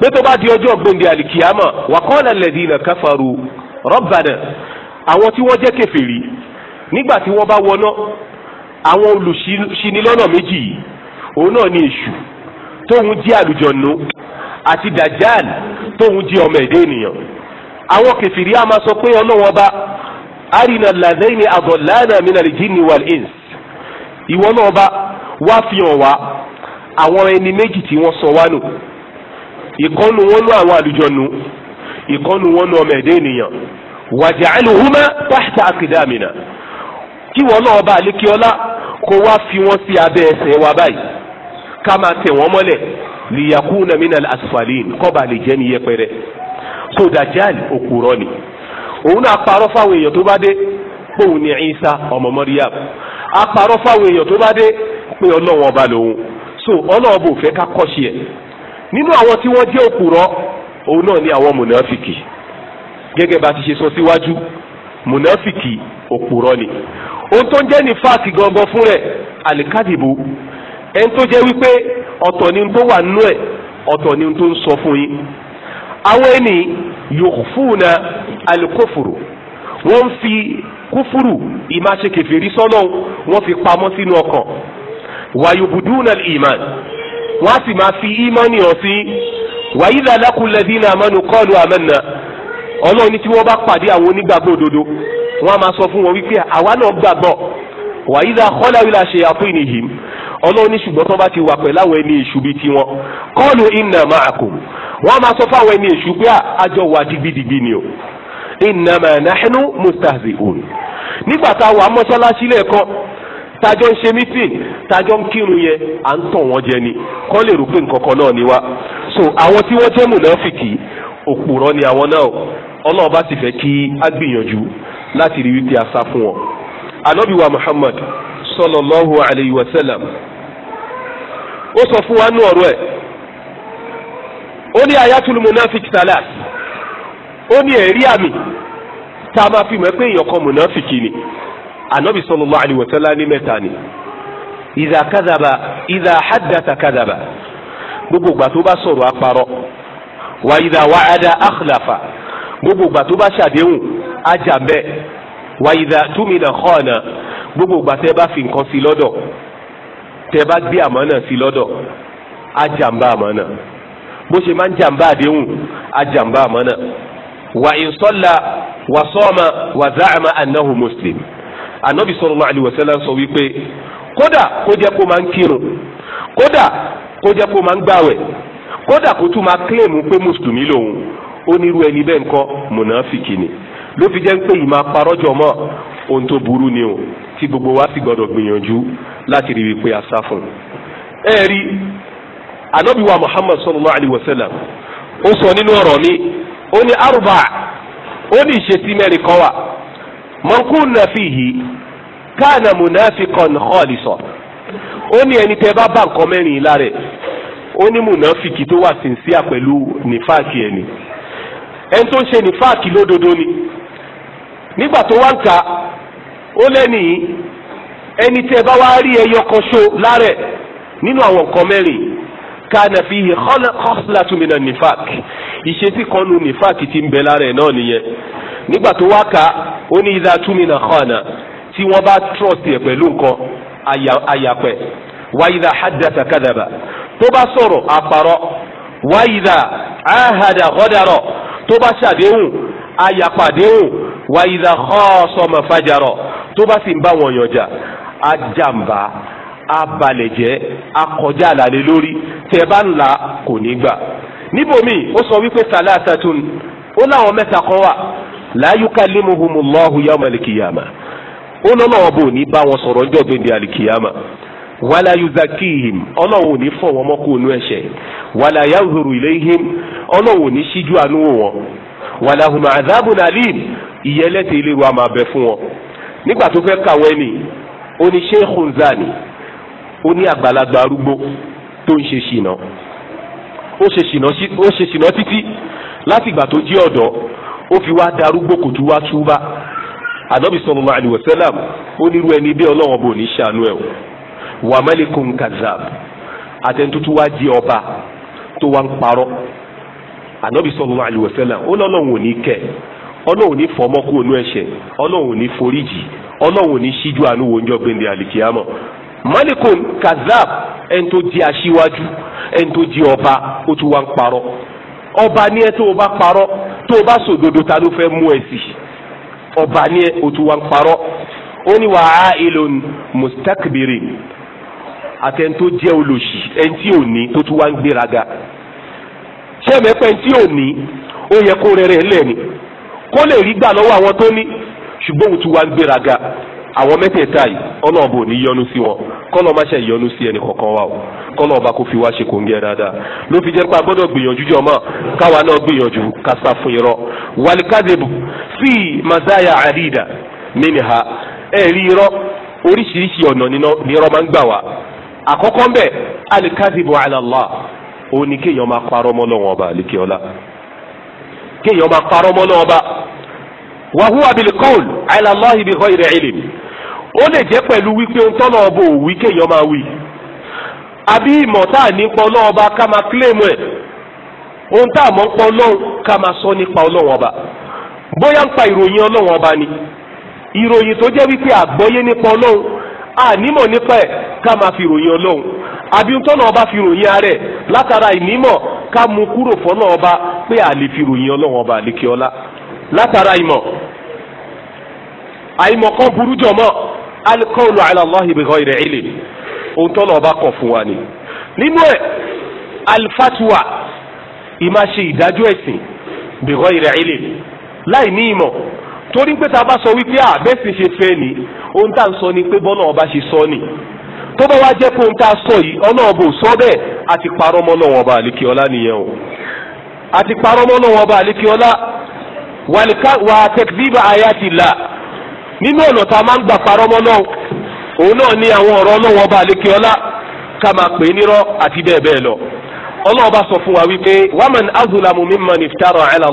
pé tó bá di ọjọ́ gbòǹde àlìkìyàmọ̀ wa qala alladhina kafaru rabbana àwọn tí wọ́n jẹ́ kèfèrí nígbà tí wọ́n bá wọná àwọn olùṣinilọ́nà méjì yìí òun náà ni èṣù tóun jẹ́ àlùjọ̀nù àti dajjal tóun jẹ́ ọmọ ẹ̀dá ènìyàn àwọn kẹfìrí a máa sọ pé ọlọ́wọ́n bá arina lazeni adọ̀lánà minal jinni wal ins ìwọ náà bá wá fi hàn wá àwọn ẹni méjì tí wọ́n sọ wá nù ìkọ́nu wọn nú àwọn àlùjọ̀nù ìkọ́nu wọn nú ọmọ ẹ̀dá ènìyàn wàjà ẹnu húmẹ́ pàṣẹ àkìdámìnà kí wọn náà bá lékè ọlá kó wá fi wọn sí abẹ́ ẹsẹ̀ wa báyìí ká máa tẹ̀ wọ́n mọ́lẹ̀ lìyàkúnà mínà asfalin kọ́ba lè jẹ́ ní yẹpẹrẹ so òkúrọ́ ni òun náà parọ́ fáwọn èèyàn tó bá dé póun ní Isa ọmọ Maryam aparọ́ fáwọn èèyàn tó bá dé pé ọlọ́wọ́n ọba lòun so ọlọ́wọ́n bò fẹ́ ká kọ́ṣe ẹ̀ nínú àwọn tí wọ́n jẹ́ òkúrọ́ òun náà ní àwọn mùnàfìkì gẹ́gẹ́ bá ti ṣe sọ síwájú mùnàfìkì òkúrọ́ ni ohun tó jẹ́ ní fáàkì gangan fún rẹ̀ àlìkádìbò ẹni tó jẹ́ wípé ọ̀tọ̀ ni tó wà nú ẹ̀ ọ̀tọ̀ ni tó ń sọ fún yín àwọn ẹni yòófùnà alikófòrò wọ́n ń fi kúfúrù ìmáṣe kẹfìrí sọ́nà wọ́n fi pamọ́ sínú ọkàn wàyùbùdúnà ìmàn wọ́n á sì máa fi ìmánì hàn sí wàyídà lákùlẹ̀dínà àmọ́nù kọ́ọ̀lù àmẹ́nà ọlọ́run ní tí wọ́n bá pàdé àwọn onígbàgbọ́ òdodo wọ́n á máa sọ fún wọn wípé àwa náà gbàgbọ́ wàyídà kọ́láwìlà ṣe àfihàn ìhìn ọlọ́run ní ṣùgbọ́n tó bá ti wà pẹ̀lú àwọn ẹni èṣù bíi tiwọn kọ́ọ̀lù iná máa kò wọ́n á máa sọ fún àwọn ẹni èṣù pé àjọ ah, wà digbidigbi ni o iná máa náhẹ́nu mustahzi òun nígbà tá a wà mọ́ṣáláṣí lẹ́ẹ̀kan tájọ́ ń ṣe mítìn tájọ́ ń kírun yẹn à ń tàn wọ́n jẹ ni kọ́ lè rò pé nǹkan náà ni wá so àwọn tí wọ́n jẹ́ mùnáfìkì òpùrọ́ ni àwọn náà ọlọ́run bá sì fẹ́ kí á gbìyànjú láti rí wípé a sá fún wọn. ànábì wa muhammad sallallahu alayhi wa sallam ó sọ fún wa nú ọ̀rọ̀ ẹ̀ ó ní ayatul munafik salas ó ní ẹ̀rí àmì tá a máa fi mọ̀ pé èèyàn kan munafiki ni ànábì sallallahu alayhi wa sallam ní mẹ́ta ni ìdá kádàbà ìdá hàdàtà kádàbà gbogbo ìgbà tó bá sọ̀rọ̀ àparọ́ wà ìdá wàhádà àkàlàfà gbogbo ìgbà tó bá ṣàdéhùn ajá mbẹ wàyídà túmínà kọ́ọ̀nà gbogbo ìgbà tẹ́ bá fi nǹkan sí lọ́dọ̀ tẹ́ bá gbé àmánà sí lọ́dọ̀ ajàmbá àmánà bó ṣe máa ń jàmbá àdéhùn ajàmbá àmánà wà ìsọ́là wà sọ́ọ̀mà wà záàmà annahu muslim anabi sallallahu alaihi wasallam sọ wípé kódà kó jẹ́ kó máa ń kírun kódà kó jẹ́ kó máa ń gbàwẹ̀ kódà kó tún máa kílèmù pé mùsùlùmí lòun ó nírú ẹni bẹ́ẹ̀ ńkọ́ mùnàfìkì ni ló fi jẹ́ pé ìmọ̀ parọ́jọ mọ́ ohun tó burú ni o tí gbogbo wa sì gbọ́dọ̀ gbìyànjú láti rí wípé a sá fún un. ẹ rí anabi wa muhammad sallallahu alayhi wa sallam ó sọ nínú ọ̀rọ̀ mi ó ní arúbà ó ní ìṣesí mẹ́rin kan wà mọ̀nkún náà fi hì káànà munafiqan khalisan ó ní ẹni tẹ́ bá bá nǹkan mẹ́rin lára ẹ̀ ó ní mùnàfíkì tó wà sínsíà pẹ̀lú nífàkì ẹni ẹni tó ń ṣe nífàkì lódodo ni nígbà tó wá ń kà ó lẹ́nì ẹni tẹ́ bá wá rí ẹyọ kan ṣo lárẹ̀ nínú àwọn nǹkan mẹ́rin kana fihi khaslatun minan nifaq ìṣesí kan nu nifaq ti ń bẹ lárẹ̀ náà nìyẹn nígbà tó wá kà ó ní idha tumina khana tí wọ́n bá trust yẹ pẹ̀lú nǹkan àyàpẹ̀ wa idha haddatha kadhaba tó bá sọ̀rọ̀ àpàrọ̀ wa idha ahada ghadara tó bá ṣàdéhùn àyàpàdéhùn wa ìdá khasama fajara tó bá sì ń bá wọn yànjà á jàǹbá á balẹ̀ jẹ́ á kọjá àlàlé lórí tẹ́ bá ń la kò ní gbà ó sọ wípé thalathatun ó láwọn mẹ́ta kan wà Allahu yawma al ó lọ́nà ọ̀bọ ní bá wọn sọ̀rọ̀ ọjọ́ gbẹ̀ndẹ̀ àlìkìyàmà wàlá yuzakihim ọlọ́wọ́ ò ní fọ̀ wọn wàláhùn àdábùn alim ìyẹlẹ́tẹ̀ ilé wa máa bẹ fún wọn nígbà tó fẹ́ kàwé ni ó ní sheikhun zani ó ní àgbàlagbà arúgbó tó ń ṣe ṣìnà ó ṣe ṣìnà títí láti ìgbà tó jí ọ̀dọ́ ó fi wá darúgbó kò tún wá túbá ànábì sallallahu alaihi wasallam ó nírú ẹni bí ọlọ́wọ́n bò ní ṣàánú ẹ̀ wà malikun kazab àtẹ̀ntutu wá di ọba tó wá ń parọ́ ànábì sallallahu alaihi wasallam ó lọ́lọ́run ò ní kẹ́ ọlọ́run ò ní fọmọ́ kú onú ẹ̀ṣẹ̀ ọlọ́run ò ní foríjì ọlọ́run ò ní ṣíjú àánú wo ọjọ́ gbẹ̀ndẹ̀ àlìkíyàmọ̀ malikun kazab ẹni tó di aṣíwájú ẹni tó di ọba ó tún wá ń parọ́ ọba ní ẹ tó o bá parọ́ tó o bá sòdodo ta ló fẹ́ mú ẹ sí ọba ní ẹ ó tún wá ń parọ́ ó ní wàá ilon mustakbirin àtẹni tó jẹ́ olòṣì ẹni tí ò ní tó tún wá ń gbéraga ṣẹ́mẹ̀pẹ́ tí ò ní ó yẹ kó rẹrẹ lẹ̀ ni kó lè rí gbà lọ́wọ́ àwọn tó ní ṣùgbọ́n òtún gbéraga àwọn mẹ́tẹ̀ẹ̀ta yìí ọlọ́run ní yọ́nú sí wọn kọ́lọ́ má ṣe wa o kọ́lọ́ ọba kò fi wá ṣe kò ń dáadáa ló fi jẹ́ pé a gbọ́dọ̀ gbìyànjú fún irọ́ ó ní kéèyàn máa parọ́ mọ́ lọ́wọ́ ọba àlékè ọlá kéèyàn máa parọ́ mọ́ lọ́wọ́ ọba wàhùn abil qawl ala Allahi bi ghayri ilm ó lè jẹ́ pẹ̀lú wípé ń tọ́nà ọba òwí kéèyàn máa wí àbí ìmọ̀ tá à nípa ọlọ́wọ́ ọba ká máa kílèmù ẹ̀ ohun tá à mọ̀ ń pa ọlọ́run ká máa sọ nípa ọlọ́wọ́ ọba bóyá ń pa ìròyìn ọlọ́wọ́ ọba ni ìròyìn tó jẹ́ wípé àgbọ́yé nípa ọlọ́run ànímọ̀ àbí tọ́nà ọba fi ròyìn arẹ látara ìnímọ̀ ká mú kúrò fọ́nà ọba pé a lè fi ròyìn ọlọ́wọ́n ọba àlékè ọlá látara ìmọ̀ àìmọ̀ kan burú jọ mọ́ alikọ́ọ̀lù aláàlọ́hì bẹ̀rẹ̀ ìrẹ̀ ilé ohun tọ́nà ọba kọ̀ fún wa ni nínú ẹ̀ alifatuwa ìmá ṣe ìdájọ́ ẹ̀sìn bẹ̀rẹ̀ ìrẹ̀ ilé láì ní ìmọ̀ torí pé tá bá sọ wípé àbẹ́sìn ṣe fẹ́ ni ohun tá à ń sọ ni pé bọ́nà ọba ṣe sọ ni tó bá wá jẹ́ pé ohun tá a sọ yìí ọlọ́ọ̀bù sọ bẹ́ẹ̀ àti parọ́ mọ́ náà wọn bá àlékè ọlá nìyẹn o àti parọ́ mọ́ náà wọn bá àlékè ọlá wà tẹ̀síbà àyàtì là nínú ọ̀nà tá a máa ń gbà parọ́ mọ́ náà òun náà ní àwọn ọ̀rọ̀ ọlọ́wọ́ ọba àlékè ọlá ká máa pè é nírọ́ àti bẹ́ẹ̀ bẹ́ẹ̀ lọ ọlọ́wọ́ sọ fún wa wípé wàmán azulamu mimman iftara ala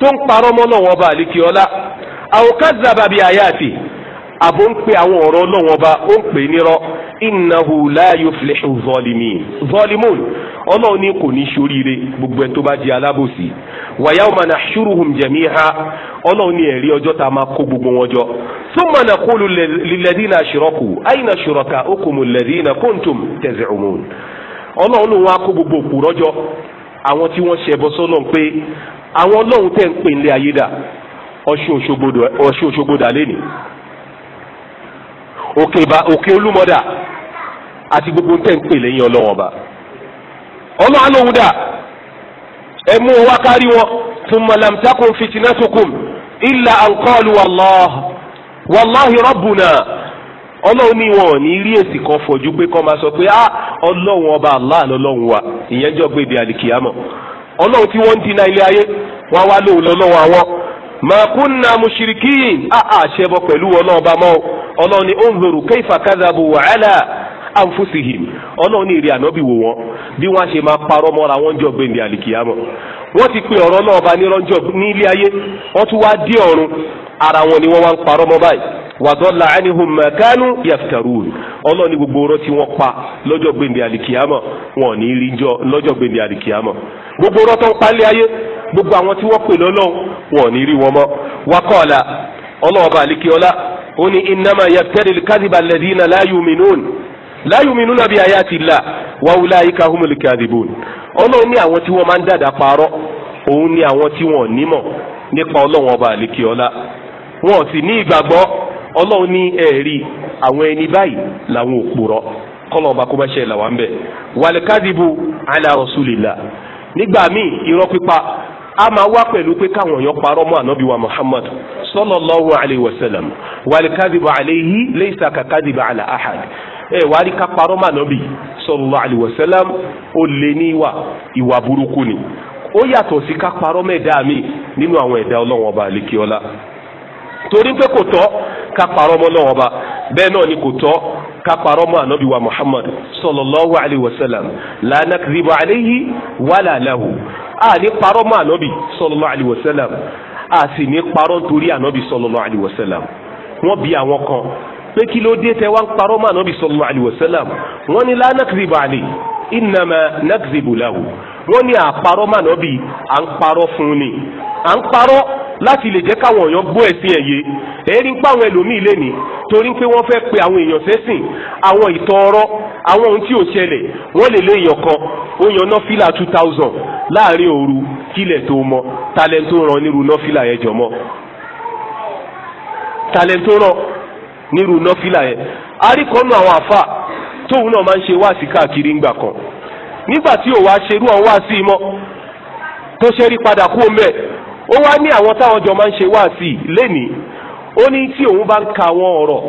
tó ń parọ́ mọ́ náà wọn bá ọlá àwòkàzàbà bíi àyàtì àbò ń pe àwọn ọ̀rọ̀ ọlọ́wọ́n ọba ó ń pè nírọ́ innahu la yuflihu zalimin zalimun ọlọ́run ní kò ní gbogbo ẹ̀ tó bá di alábòsí ọlọ́run ní ẹ̀rí ọjọ́ tá a gbogbo wọn jọ ọlọ́run ló gbogbo òkú rọ́jọ́ àwọn tí wọ́n ṣe ẹbọ sọ́nà pé àwọn ọlọ́run tẹ̀ ń pè nílé ayé dà ọ̀ṣun òṣogbo dà lẹ́nu òkè olúmọdà àti gbogbo tẹ̀ ń pè lẹ́yìn ọlọ́run ọba ọlọ́run alóhùn dà ẹ mú wa kárí wọn thumma lam takun fitinatukum illa an qalu wallah wallahi ọlọ́run ní wọn ò ní rí èsì kan fọ̀jú pé kọ́ máa sọ pé ah ọlọ́run ọba Allah lọ́lọ́run wa ìyẹn jọ gbé ibi àlìkìyàmọ̀ ọlọ́run tí wọ́n ń dínà ilé ayé wọ́n wá lóun lọ́lọ́run àwọn màkúnnà mushrikin ah ah ṣẹbọ pẹ̀lú ọlọ́run ọba mọ́ ọlọ́run ní ó ń lòrù kayfa kadhabu anfusihim ọlọ́run ní ìrìn ànábì wò wọ́n bí wọ́n á ṣe máa parọ́ mọ́ra wọ́n jọ gbèndé àlìkìyàmọ̀ wọ́n ti pe ọ̀rọ̀ náà ọba nírọ́njọ́ nílé ayé wọ́n tún wá dé ọ̀run ara wọn ni wọ́n wá ń parọ́ mọ́ báyìí wàdọ́là mẹ́kánú gbogbo ọ̀rọ̀ wọn ní rí jọ lọ́jọ́ gbogbo gbogbo àwọn tí wọ́n wọn wọn mọ́ àlìkìyọ́lá ó ní la yu'minuna bi ayati llah wa ulaika humul kadhibun ọlọ́run ní àwọn tí wọ́n máa ń dàdà parọ́ òun ní àwọn tí wọ́n nímọ̀ nípa ọlọ́run ọba àlékè ọlá wọn sì ní ìgbàgbọ́ ọlọ́run ní ẹ̀rí àwọn ẹni báyìí làwọn òpùrọ́ kọ́lọ̀ ọba kó bá ṣe làwọn bẹ̀ wal kadhibu ala nígbà míì irọ́ pípa a máa wá pẹ̀lú pé káwọn èèyàn parọ́ mọ́ ànábì muhammad sallallahu alayhi wa sallam wal kadhibu alayhi laysa ka kadhibi ala ẹ wàá rí kápárọ́ mà nọ́bì sallallahu alaihi wasallam ó lé ní ìwà ìwà burúkú ni ó yàtọ̀ sí kápárọ́ mẹ́ẹ̀dá mi nínú àwọn ẹ̀dá ọlọ́wọ́n ọba àlekíọ́lá torí pé kò tọ́ ká mọ́ lọ́wọ́ ba bẹ́ẹ̀ náà ni kò tọ́ ká mọ́ ànábì wa muhammad sallallahu alayhi wa sallam la nakdhibu alayhi wala pé kí ló dé tẹ wá ń parọ́ mọ́ ànábì sallallahu alaihi wasallam wọ́n ní la nakzibu alaihi innama nakzibu lahu wọ́n ní àparọ́ mọ́ ànábì à ń parọ́ fún ni à ń parọ́ láti lè jẹ́ káwọn èèyàn gbọ́ ẹ̀sìn ẹ̀yẹ èyí ń pa àwọn ẹlòmíì lẹ́ni torí pé wọ́n fẹ́ pe àwọn èèyàn sẹ́sìn àwọn ìtàn ọ̀rọ̀ àwọn ohun tí ò ṣẹlẹ̀ wọ́n lè lé èèyàn kan ó nọ́fìlà two thousand láàrin òru kílẹ̀ tó mọ talẹ̀ tó ràn nírú nọ́fìlà yẹn jọ mọ́ talẹ̀ tó ràn nírú nọ́fìlà yẹn àríkọ́nù àwọn àfà tóun náà máa ń ṣe wáàsí káàkiri ńgbà kan nígbà tí òun wá ṣerú àwọn wáàsí mọ́ tó ṣe rí padà kú omi ẹ̀ ó wá ní àwọn táwọn jọ máa ń ṣe wáàsí lénìí ó ní tí òun bá ń ka àwọn ọ̀rọ̀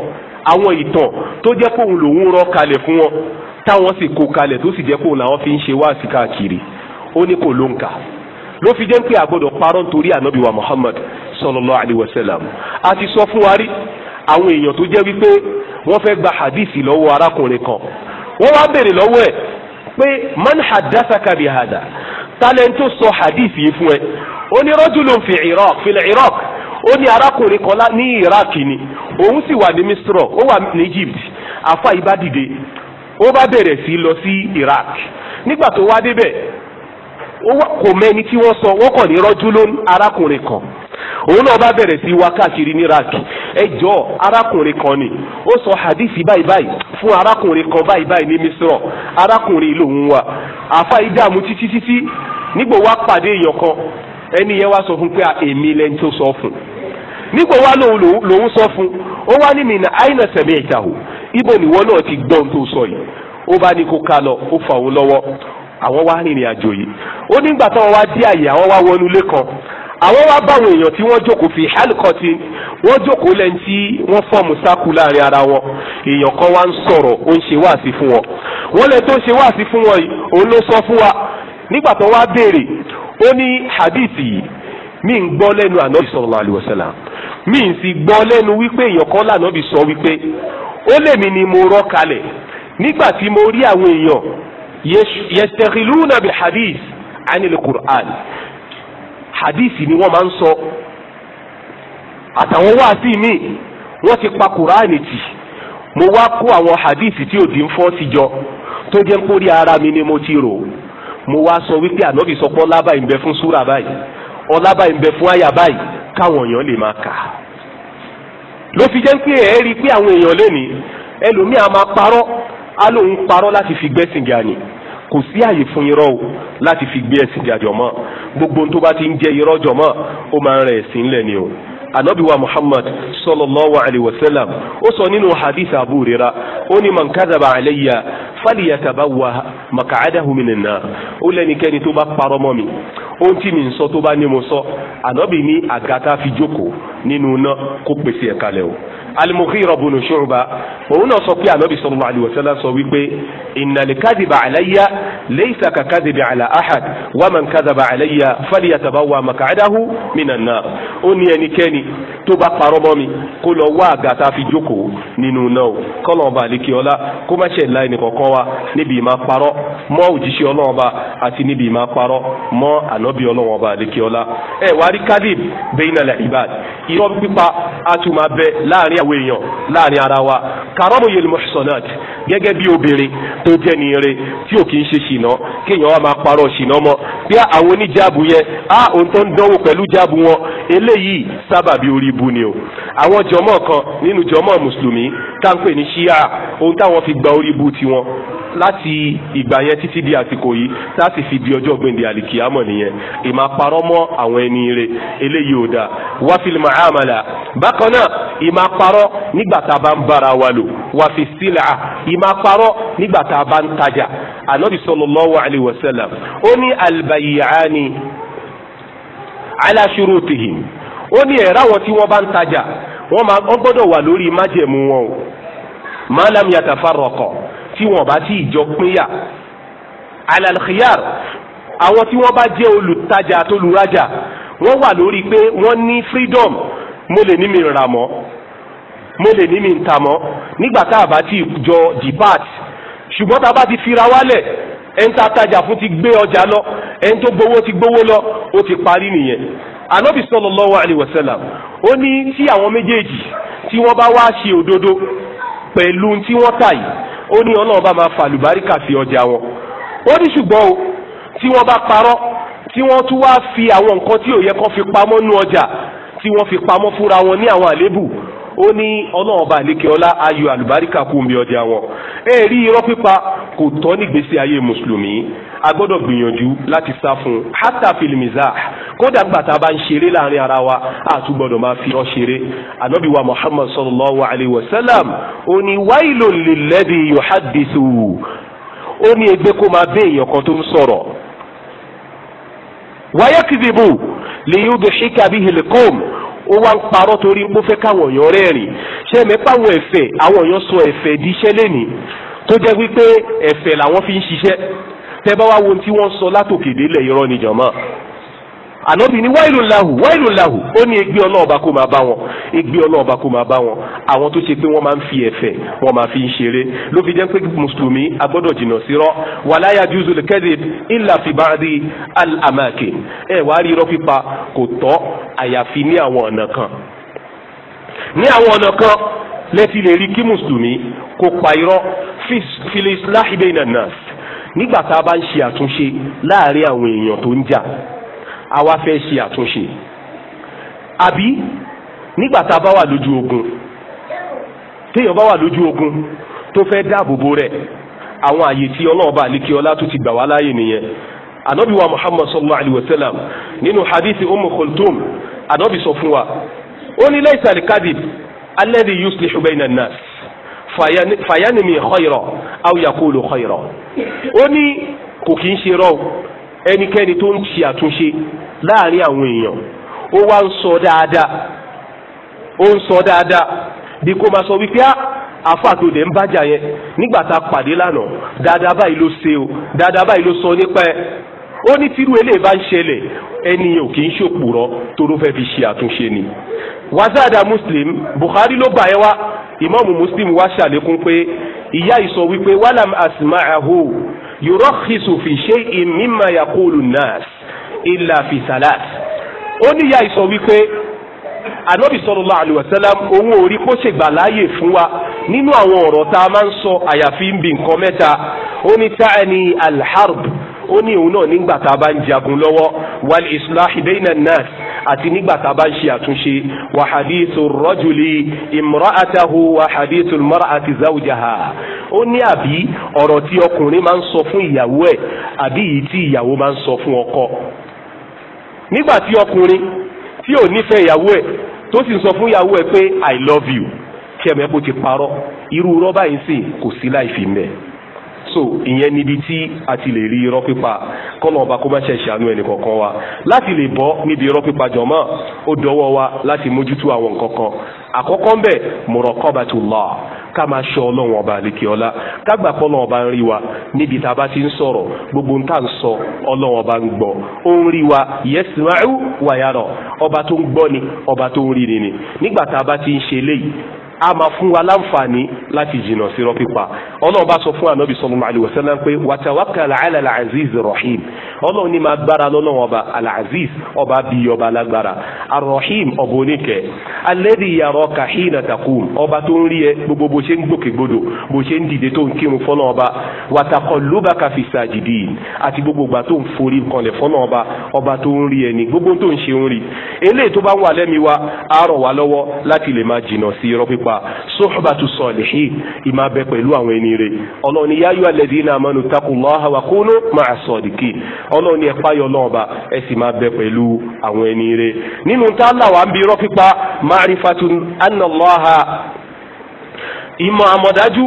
àwọn ìtàn tó jẹ́ pé òun lòun rán kalẹ̀ fún wọn táwọn sì kó kalẹ̀ tó sì jẹ́ pé làwọn fi ń ṣe wáàsí káàkiri ó ní kò ló ń kà ló fi jẹ́ pé àgbọ̀dọ̀ parọ́ nítorí ànábìwá Muhammad sallallahu alayhi wa sallam a ti sọ fún wa rí àwọn èèyàn tó jẹ́ wípé wọ́n fẹ́ gba hadithi lọ́wọ́ arákùnrin kan wọ́n wá béèrè lọ́wọ́ ẹ̀ pé man haddathaka bi hada talento sọ hadithi yìí fún ẹ ó fi iraq fi iraq ó ní arákùnrin kan ní iraq ni òun sì wà ní misro ó wà ní egypt àfa ibà dìde ó bá bẹ̀rẹ̀ sí lọ sí iraq nígbà tó wá débẹ̀ kò mẹ́ni tí wọ́n sọ wọ́n kàn ní rajulun arákùnrin kan òun náà bá bẹ̀rẹ̀ sí wá káàkiri ní Iraq ẹ kan ni ó sọ hadithi báyìí báyìí fún arákùnrin kan báyìí báyìí ní Misrọ arákùnrin lòun wa àfa ìdààmú títí títí nígbò wá pàdé èèyàn kan ẹni yẹn wá sọ fún pé èmi lẹni tó sọ fún nígbò wá lòun sọ fún ó wá ní mi ní ibo níwọ náà ti gbọ́n tó sọ yìí ó ní kó ká lọ ó fà òun lọ́wọ́ àwọn wá rìnrìn àjò yìí ó nígbà táwọn wá àwọn wá báwọn èèyàn tí wọ́n jókòó fi hálùkọ́tì wọ́n jókòó lẹ́yìn tí wọ́n fọ́ọ̀mù sáàkù láàrin ara wọn èèyàn kan wá ń sọ̀rọ̀ ó ń ṣe wáàsí fún wọn wọ́n lẹ́yìn tó ń ṣe wáàsí fún wọn yìí òun ló sọ fún wa nígbà tó wá béèrè ó ní hadithi yìí mi ń gbọ́ lẹ́nu ànábì sallallahu alaihi wasallam mi ń sì gbọ́ lẹ́nu wípé èèyàn kan lànábì sọ wípé ó lèmi ni mo rọ́ kalẹ̀ nígbà tí mo rí àwọn èèyàn yẹstẹ̀kìlúnà hadisi ni wọ́n máa ń sọ àtàwọn wáàsí mi wọ́n ti pa kuraani tì mo wá kó àwọn hadisi tí òdì ń fọ́ sí jọ tó jẹ́ pórí ara mi ni mo ti rò mo wá sọ wípé ànábì sọ pé ọlábà ń bẹ fún súra báyìí ọlábà ń bẹ fún àyà báyìí káwọn èèyàn lè máa kà ló fi jẹ́ pé ẹ̀ rí i pé àwọn èèyàn lè ní ẹlòmíà máa parọ́ á lóun parọ́ láti fi gbẹ́sìn gani kò sí àyè fún irọ́ o láti fi gbé ẹ̀sìn jà jọ̀mọ́ gbogbo tó bá ti ń jẹ́ irọ́ jọ̀mọ́ ó máa ń rẹ̀ ẹ̀sìn lẹ̀ ni o anabiwa muhammad sallallahu alayhi wa sallam ó sọ nínú hadith abu rira ó ní man kadaba alayya faliyatabawa makaadahu minan nar ó lẹ́nikẹ́ni tó bá parọ́ mọ́ mi ohun tí mi ń sọ tó bá ní mo sọ anabi ní àgàtà fi jókòó nínú iná kó pèsè ẹ̀ka lẹ̀ o al-Mughira ibn Shu'ba òun náà sọ pé ànábì sallallahu alayhi wa sallam sọ wípé innal kadhiba alayya laysa ka kadhibi ala ahad wa man kadhaba alayya falyatabawwa maq'adahu minan nar ó ní ẹnikẹ́ni tó bá parọ́ mọ́ mi kó lọ wá àga tá a fi jókòó nínú náà kọ́nà ọba àlekè ọlá kó má ṣe láì nìkan kan wa níbi ìmá parọ́ mọ́ òjíṣẹ́ ọlọ́run ọba àti níbi ìmá parọ́ mọ́ ànábì ọlọ́run ọba àlekè ọlá ẹ̀ wá rí kadhib bainal ibad láàrin àwọn èèyàn láàrin ara wa karamu yel muhsanat gẹ́gẹ́ bí obìnrin tó jẹ́ ní ire tí ò kì í ṣe ṣìnà kéèyàn wa máa parọ́ ṣìnà mọ́ bí àwọn oníjàbù yẹn á òun tó ń dánwò pẹ̀lú jàbù wọn eléyìí sábàbí orí ibu ni o àwọn jọmọ kan nínú jọmọ mùsùlùmí táǹpẹ ní ṣíà ohun táwọn fi gba orí ibu tiwọn láti ìgbà yẹn títí di àsìkò yìí láti fi di ọjọ́ gbèǹde àlìkìyàmọ̀ nìyẹn ìmà parọ́ mọ́ àwọn ẹni rẹ eléyìí ò dáa wá fi lè máa àmàlà bákan náà ìmà parọ́ nígbà tá a bá ń bára wa lò wá fi sílà ìmà parọ́ nígbà tá a bá ń tajà ànábì sallallahu alayhi wa sallam ó ní albayyani ala shurutihim ó ní ẹ̀rá wọn tí wọ́n bá ń tajà wọ́n gbọ́dọ̀ wà lórí májẹ̀mú wọn o malam yatafarraqa tí wọ́n bá tí ìjọ pínyà alalkhiyar àwọn tí wọ́n bá jẹ́ olùtajà àtolùrajà wọ́n wà lórí pé wọ́n ní freedom mo lè ní mi rà mọ́ mo lè ní mi ń ta mọ́ nígbà tá a bá ti jọ depart ṣùgbọ́n tá a bá ti fira wálẹ̀ ẹni tá a tajà fún ti gbé ọjà lọ ẹni tó gbowó ti gbowó lọ ó ti parí nìyẹn anabi sallallahu alayhi wa ó ní tí àwọn méjèèjì tí wọ́n bá wá ṣe òdodo pẹ̀lú tí wọ́n tà yìí ó ní ọlọ́run bá máa fàlùbáríkà sí ọjà wọn ó ní ṣùgbọ́n o tí wọ́n bá parọ́ tí wọ́n tún wá fi àwọn nǹkan tí ò yẹ kó fi pamọ́ nú ọjà tí wọ́n fi pamọ́ fúnra wọn ní àwọn àlébù ó ní ọlọ́run bá lékè ọlá ayọ̀ àlùbáríkà kú omi ọjà wọn ẹ rí irọ́ pípa kò tọ́ nígbésí ayé mùsùlùmí a gbìyànjú láti sá fún hátà fìlìmìzáà kódà ńgbà tá a bá ń ṣeré láàrin ara wa a tún gbọ́dọ̀ máa fi ọ́ ṣeré anabi wa muhammad sallallahu alayhi wa sallam ó ní wailun lilladhi yuhaddithu ó ní ẹgbẹ́ kó máa bẹ́ èèyàn kan tó ń sọ̀rọ̀ wayakdhibu liyudhika bihi alqawm ó wá ń parọ́ torí ó fẹ́ káwọn èèyàn rẹ́rìn ṣé mẹ́pà àwọn ẹ̀fẹ̀ àwọn èèyàn sọ ẹ̀fẹ̀ di lẹ́nìí tó jẹ́ wípé ẹ̀fẹ̀ làwọn fi ń ṣiṣẹ́ tẹ́ bá wá wo ohun tí wọ́n sọ látòkèdè lẹ̀ irọ́ ni ànábì ní wáìlù làhù wáìlù làhù ó ní ègbé ọlọ́ọ̀ba kó máa bá wọn ègbé ọlọ́ọ̀ba kó máa bá wọn àwọn tó ṣe pé wọ́n máa ń fi ẹ̀fẹ̀ wọ́n máa fi ń ṣeré ló fi jẹ́ pé mùsùlùmí agbọ́dọ̀ jìnnà sírọ́ wàláyà juzul kadhib illa fi ba'di al-amakin ẹ wàá rí irọ́ pípa kò tọ́ àyàfi ní àwọn ọ̀nà kan ní àwọn ọ̀nà kan lẹ́tí lè rí kí mùsùlùmí kó pa irọ́ fil islahi bayna nígbà tá a bá ń ṣe àtúnṣe láàárín àwọn èèyàn tó ń jà àwa fẹ́ ṣe àtúnṣe àbí nígbà tá a bá wà lójú ogun téèyàn bá wà lójú ogun tó fẹ́ dáàbò rẹ̀ àwọn àyè tí ọlọ́run bá ọlá tó ti gbà wá láàyè nìyẹn ànábì wa muhammad sallallahu alayhi wa sallam nínú hadith umu khultum ànábì sọ fún wa ó ní laysa al-kadhib alladhi yuslihu bayna an-nas fayanmi khayran aw yaqulu khayran ó ní kò kí ń ṣe rọ́ọ̀ ẹnikẹ́ni tó ń ṣe àtúnṣe láàrin àwọn èèyàn ó wá ń sọ dáadáa ó ń sọ dáadáa bí kò máa sọ wípé ah, àáfà tó dẹ̀ ń bájà yẹn nígbà tá a pàdé lánàá dáadáa báyìí ló ṣe o dáadáa báyìí ló sọ nípa ẹ ó ní tírú eléyìí bá ń ṣẹlẹ̀ ẹni ò kì í ṣòpùrọ́ tó ló fẹ́ fi ṣe àtúnṣe ni. wazada muslim bukhari ló bá ẹ wá ìmáàmù muslim wá ṣàlékún pé ìyá ìsọ wípé wàlám asma'ahu yurakhisu fi shay'in mimma yaqulu nas illa fi salat ó ní ìyá ìsọ wípé anabi sallallahu alaihi wasallam òun ò rí kó ṣègbà láàyè fún wa nínú àwọn ọ̀rọ̀ tá a máa ń sọ àyàfi ń bi nǹkan mẹ́ta ó ní ta'ani alharb ó ní òun náà nígbà tá a bá ń jagun lọ́wọ́ wal islah bayna nas àti nígbà tá a bá ń ṣe àtúnṣe wà hadithu rajuli imra'atahu wà hadithu mar'ati zawjaha ó ní àbí ọ̀rọ̀ tí ọkùnrin máa ń sọ fún ìyàwó ẹ̀ àbí èyí tí ìyàwó máa ń sọ fún ọkọ nígbà tí ọkùnrin tí ò nífẹ̀ẹ́ ìyàwó ẹ̀ tó sì sọ fún ìyàwó ẹ̀ pé i love you kí ẹ̀mẹ́kò ti parọ́ irú rọ́bà yìí sì kò sí láì mẹ́ẹ̀ so ìyẹn níbi tí a ti lè rí irọ́ pípa kọ́nà ọba kó má ṣe ṣàánú ẹnì kọ̀ọ̀kan wa láti lè bọ́ níbi irọ́ pípa jọ̀mọ́ ó dọwọ́ wa láti mójútó àwọn nǹkan kan àkọ́kọ́ ń bẹ̀ muraqabatullah ká máa ṣọ́ ọlọ́run ọba àlekèọ́lá ká gbà pé ọba ń rí wa níbi tá a bá ti ń sọ̀rọ̀ gbogbo ń tà ń sọ ọlọ́run ọba ń gbọ́ ó ń rí wa yasma'u wa yara ọba tó ń gbọ́ ni ọba tó ń rí ni ni nígbà tá a bá ti ń ṣe eléyìí a máa fún wa láǹfààní láti jìnnà sí irọ́ pípa ọlọ́run bá sọ fún ànábì sallallahu alaihi wasallam pé wàtàwákàlà àlàlà aziz rahim ọlọ́run ní máa gbára lọ́lọ́run ọba alaziz ọba bíi ọba alágbára arahim ọba oníkẹ́ alladhi yaraka hina taqum ọba tó ń rí ẹ gbogbo bó ṣe ń gbòkègbodò bó ṣe ń dìde tó ń kírun fọ́lọ́run ọba wataqallubaka fi sajidin àti gbogbo ìgbà tó ń forí kanlẹ̀ fọ́lọ́run ọba ọba nípa sóhùbàtú sọ̀lìhì ìmá bẹ pẹ̀lú àwọn ẹni rẹ̀ ọlọ́run yá yọ alẹ́ taqullaha wa kunu ma'a sadiqin ọlọ́run ẹ páyọ lọ́ọ̀ba ẹ sì máa bẹ pẹ̀lú àwọn ẹni rẹ̀ nínú tá a láwa ń bi irọ́ pípa ma'rifatu anna Allaha ìmọ̀ àmọ̀dájú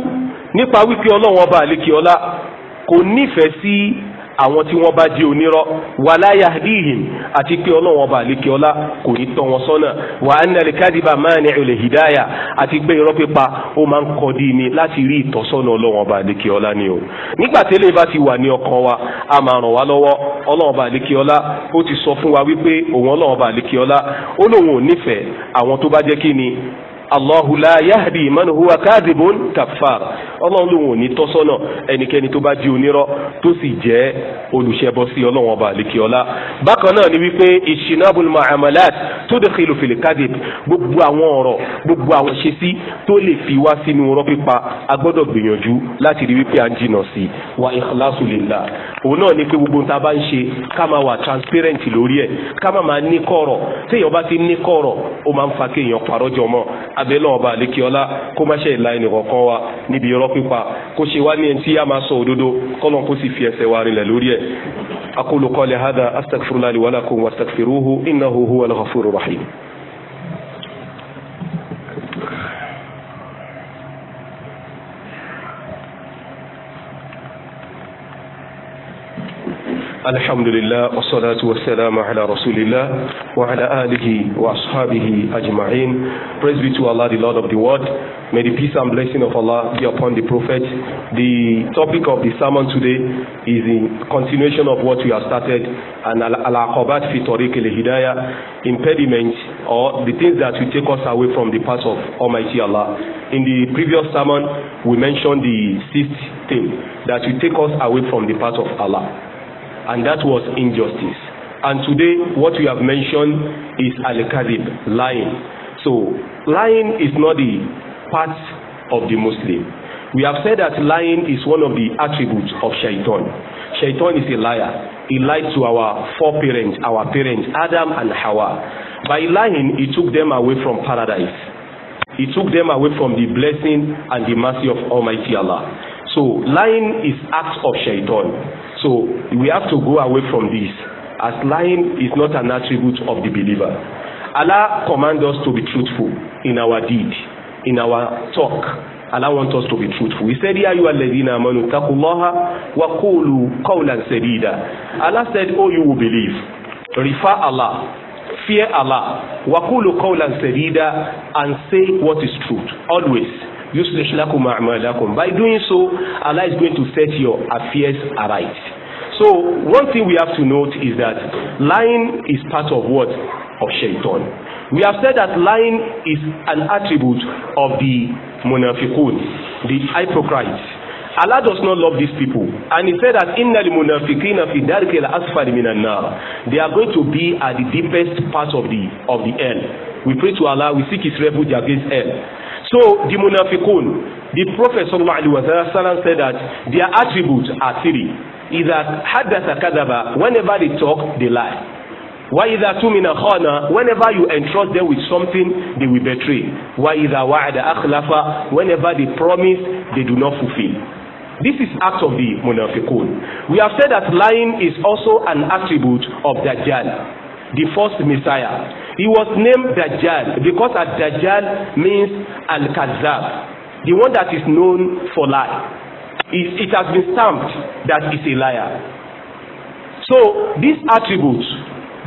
nípa wípé ọlọ́run ọba àwọn tí wọ́n bá jẹ́ onírọ́ wala yahdihim àti pé ọlọ́wọ́n bá àlékè ọlá kò ní tọ́ wọn sọ́nà wà á nàlẹ́ kádìbà mani'u li hidaya àti pé irọ́ pípa ó máa ń kọ́ di ni láti rí ìtọ́sọ́nà ọlọ́wọ́n bá àlékè ọlá ni o. nígbà tẹ́lẹ̀ bá ti wà ní ọkàn wa a máa ràn wá lọ́wọ́ ọlọ́wọ́n bá àlékè ọlá ó ti sọ fún wa wípé òun ọlọ́wọ́n bá àlékè ọlá ó lóun ò nífẹ̀ẹ́ àwọn tó bá jẹ́ kí ni allahu la yahdi man huwa kadibun kafar ọlọ́run ló wọn ò ní tọ́sọ́nà ẹnikẹ́ni tó bá jẹ́ onírọ́ tó sì jẹ́ olùṣẹbọ sí ọlọ́run ọba àlekíọ́lá bákan náà ni wípé ìṣìnàbùn muamalat tó dé kìlò fìlè kadib gbogbo àwọn ọ̀rọ̀ gbogbo àwọn ṣe sí tó lè fi wá sínú ọ̀rọ̀ pípa a gbọ́dọ̀ gbìyànjú láti rí wípé à ń jìnà sí wa ikhlasu lillah òun náà ni pé gbogbo ta bá ń ṣe ká máa wà transparent lórí ẹ̀ ká máa abẹ́lẹ̀ ọba àlékiọlá kó má ṣe ìlà ẹnìkọ̀ọ̀kan wa níbi irọ́ pípa kó ṣe wá ní ẹni tí a máa sọ òdodo kọ́lọ́n kó sì fi ẹsẹ̀ wa rinlẹ̀ lórí ẹ̀ aqulu qawli hadha astaghfirullahi wa lakum wastaghfiruhu innahu rahim. الحمد لله والصلاة والسلام على رسول الله وعلى آله ashabihi أجمعين. praise be to Allah the Lord of the world may the peace and blessing of Allah be upon the prophet the topic of the sermon today is in continuation of what we have started and al-aqabat fi tariq al-hidayah impediments or the things that will take us away from the path of Almighty Allah in the previous sermon we mentioned the sixth thing that will take us away from the path of Allah and that was injustice and today what we have mentioned is al-kadhib lying so lying is not the part of the muslim we have said that lying is one of the attributes of shaitan shaitan is a liar he lied to our foreparents our parents adam and hawa by lying he took them away from paradise he took them away from the blessing and the mercy of almighty allah so lying is act of shaitan So we have to go away from this, as lying is not an attribute of the believer. Allah commands us to be truthful in our deed, in our talk. Allah wants us to be truthful. He said, Ya ayyuhalladhina amanu taqullaha wa qulu qawlan sadida. Allah said, Oh, you will believe. Refer Allah fear Allah wakulu qawlan sadida and say what is truth always yuslih lakum a'malakum by doing so Allah is going to set your affairs aright So one thing we have to note is that lying is part of what? Of shaitan. We have said that lying is an attribute of the munafiqun, the hypocrites. Allah does not love these people and he said that innal munafiqina fi darkil asfali minan nar they are going to be at the deepest part of the of the hell we pray to Allah we seek his refuge against hell so the munafiqun the prophet sallallahu alaihi wasallam said that their attributes are three idha hadatha kadhaba whenever they talk they lie wa idha tumina khana whenever you entrust them with something they will betray wa idha wa'ada akhlafa whenever they promise they do not fulfill this is act of the munafiqun we have said that lying is also an attribute of dajjal the first messiah he was named dajjal because dajjal means al kazab the one that is known for lie it, it has been stamped that he's a liar. So these attributes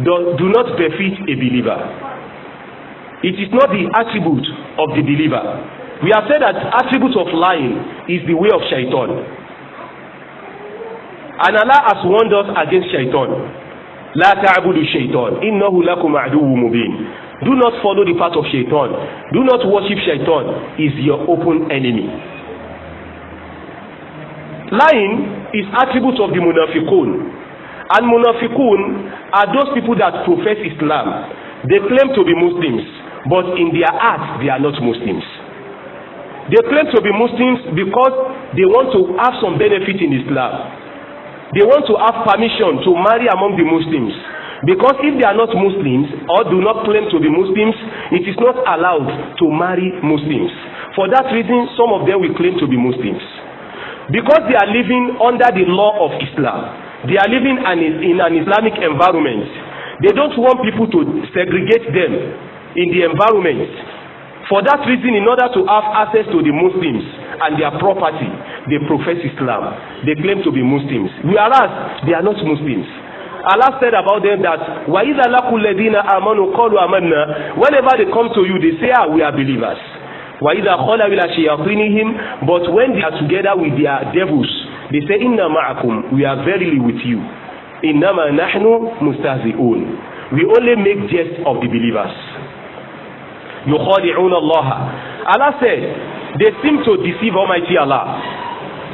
do, do not befit a believer. It is not the attribute of the believer. We have said that attribute of lying is the way of shaitan. And Allah has warned us against shaitan. لا تعبدوا shaitan. Innahu lakum aduwu mubin. Do not follow the path of shaitan. Do not worship shaitan. He is your open enemy. Lying is attribute of the munafikun, And munafikun are those people that profess Islam. They claim to be Muslims, but in their heart they are not Muslims. They claim to be Muslims because they want to have some benefit in Islam. They want to have permission to marry among the Muslims. Because if they are not Muslims or do not claim to be Muslims, it is not allowed to marry Muslims. For that reason, some of them will claim to be Muslims because they are living under the law of Islam they are living an, in an Islamic environment they don't want people to segregate them in the environment for that reason in order to have access to the Muslims and their property they profess Islam they claim to be Muslims whereas they are not Muslims Allah said about them that wa idha ladina amanu qalu amanna whenever they come to you they say ah we are believers وإذا خلا إلى شياطينهم but when they are together with their devils they say inna ma'akum we are verily with you Inna ma nahnu mustahzi'un we only make jest of the believers yukhadi'un Allah Allah said they seem to deceive Almighty Allah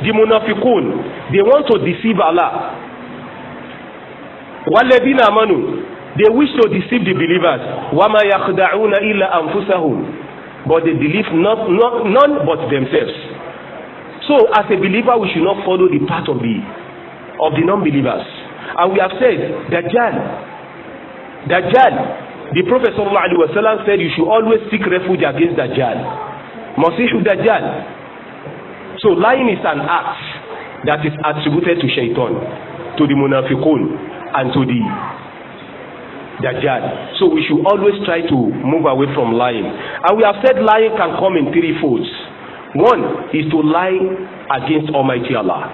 the munafiqun they want to deceive Allah walladhina amanu they wish to deceive the believers Wa ma yakhda'una illa anfusahum but they believe not, not, none but themselves. So as a believer, we should not follow the path of the of the non-believers. And we have said, Dajjal, Dajjal, the Prophet sallallahu alaihi wasallam said, you should always seek refuge against Dajjal. Masihu Dajjal. So lying is an act that is attributed to Shaitan, to the munafiqun, and to the Dajjal. So we should always try to move away from lying. And we have said lying can come in three folds. One is to lie against Almighty Allah.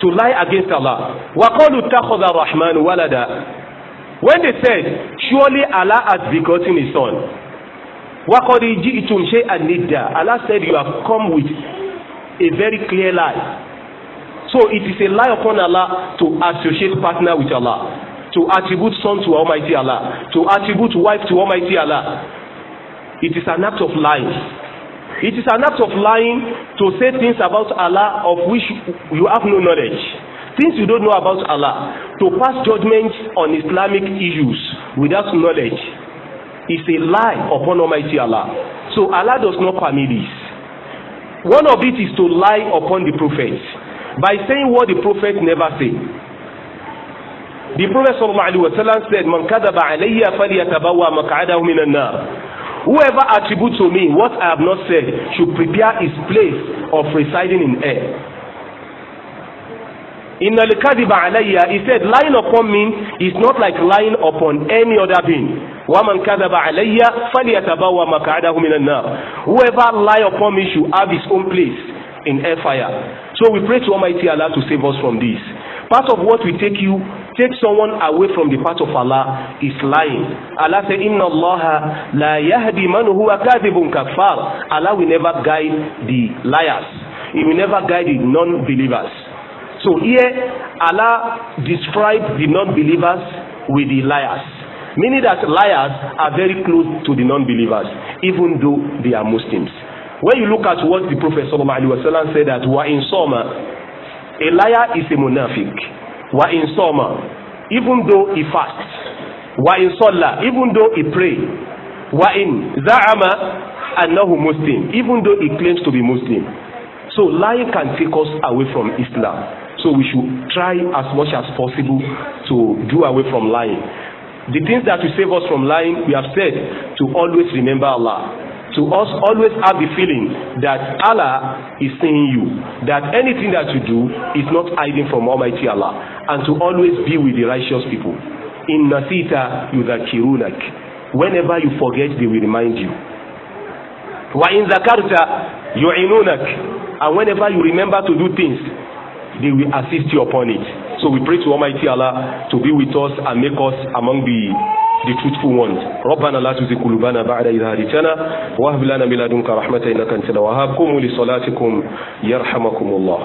To lie against Allah. وَقَالُوا اتَّخَذَ الرَّحْمَنُ وَلَدًا When they said, surely Allah has begotten his son. وَقَدْ جِئْتُمْ شَيْئًا نِدًّا Allah said, you have come with a very clear lie. So it is a lie upon Allah to associate partner with Allah to attribute son to Almighty Allah, to attribute wife to Almighty Allah. It is an act of lying. It is an act of lying to say things about Allah of which you have no knowledge. Things you don't know about Allah. To pass judgment on Islamic issues without knowledge is a lie upon Almighty Allah. So Allah does not permit this. One of it is to lie upon the prophet by saying what the prophet never say. The Prophet sallallahu alaihi wasallam said, "Man kadaba alayya falyatabawa maq'adahu minan nar." Whoever attributes to me what I have not said should prepare his place of residing in air. Inna al-kadhiba alayya, he said, lying upon me is not like lying upon any other being. Wa man alayya falyatabawwa maq'adahu minan nar. Whoever lie upon me should have his own place in air, fire. So we pray to Almighty Allah to save us from this. Part of what we take you take someone away from the path of Allah is lying. Allah said, Inna Allah la yahdi man huwa kadhibun kafar. Allah will never guide the liars. He will never guide the non-believers. So here, Allah described the non-believers with the liars. Meaning that liars are very close to the non-believers, even though they are Muslims. When you look at what the Prophet sallallahu alaihi wasallam said that wa in soma, a liar is a munafiq wa in soma even though he fasts wa in sola even though he pray wa in za'ama annahu muslim even though he claims to be muslim so lying can take us away from islam so we should try as much as possible to do away from lying the things that will save us from lying we have said to always remember allah to us always have the feeling that Allah is seeing you, that anything that you do is not hiding from Almighty Allah, and to always be with the righteous people. In nasita yudhakirunak. Whenever you forget, they will remind you. Wa in zakarta yu'inunak. And whenever you remember to do things, they will assist you upon it. So we pray to Almighty Allah to be with us and make us among the the truthful ones. ربنا لا تزغ قلوبنا بعد إذ هديتنا وهب لنا من لدنك رحمة إنك أنت الوهاب قوموا لصلاتكم يرحمكم الله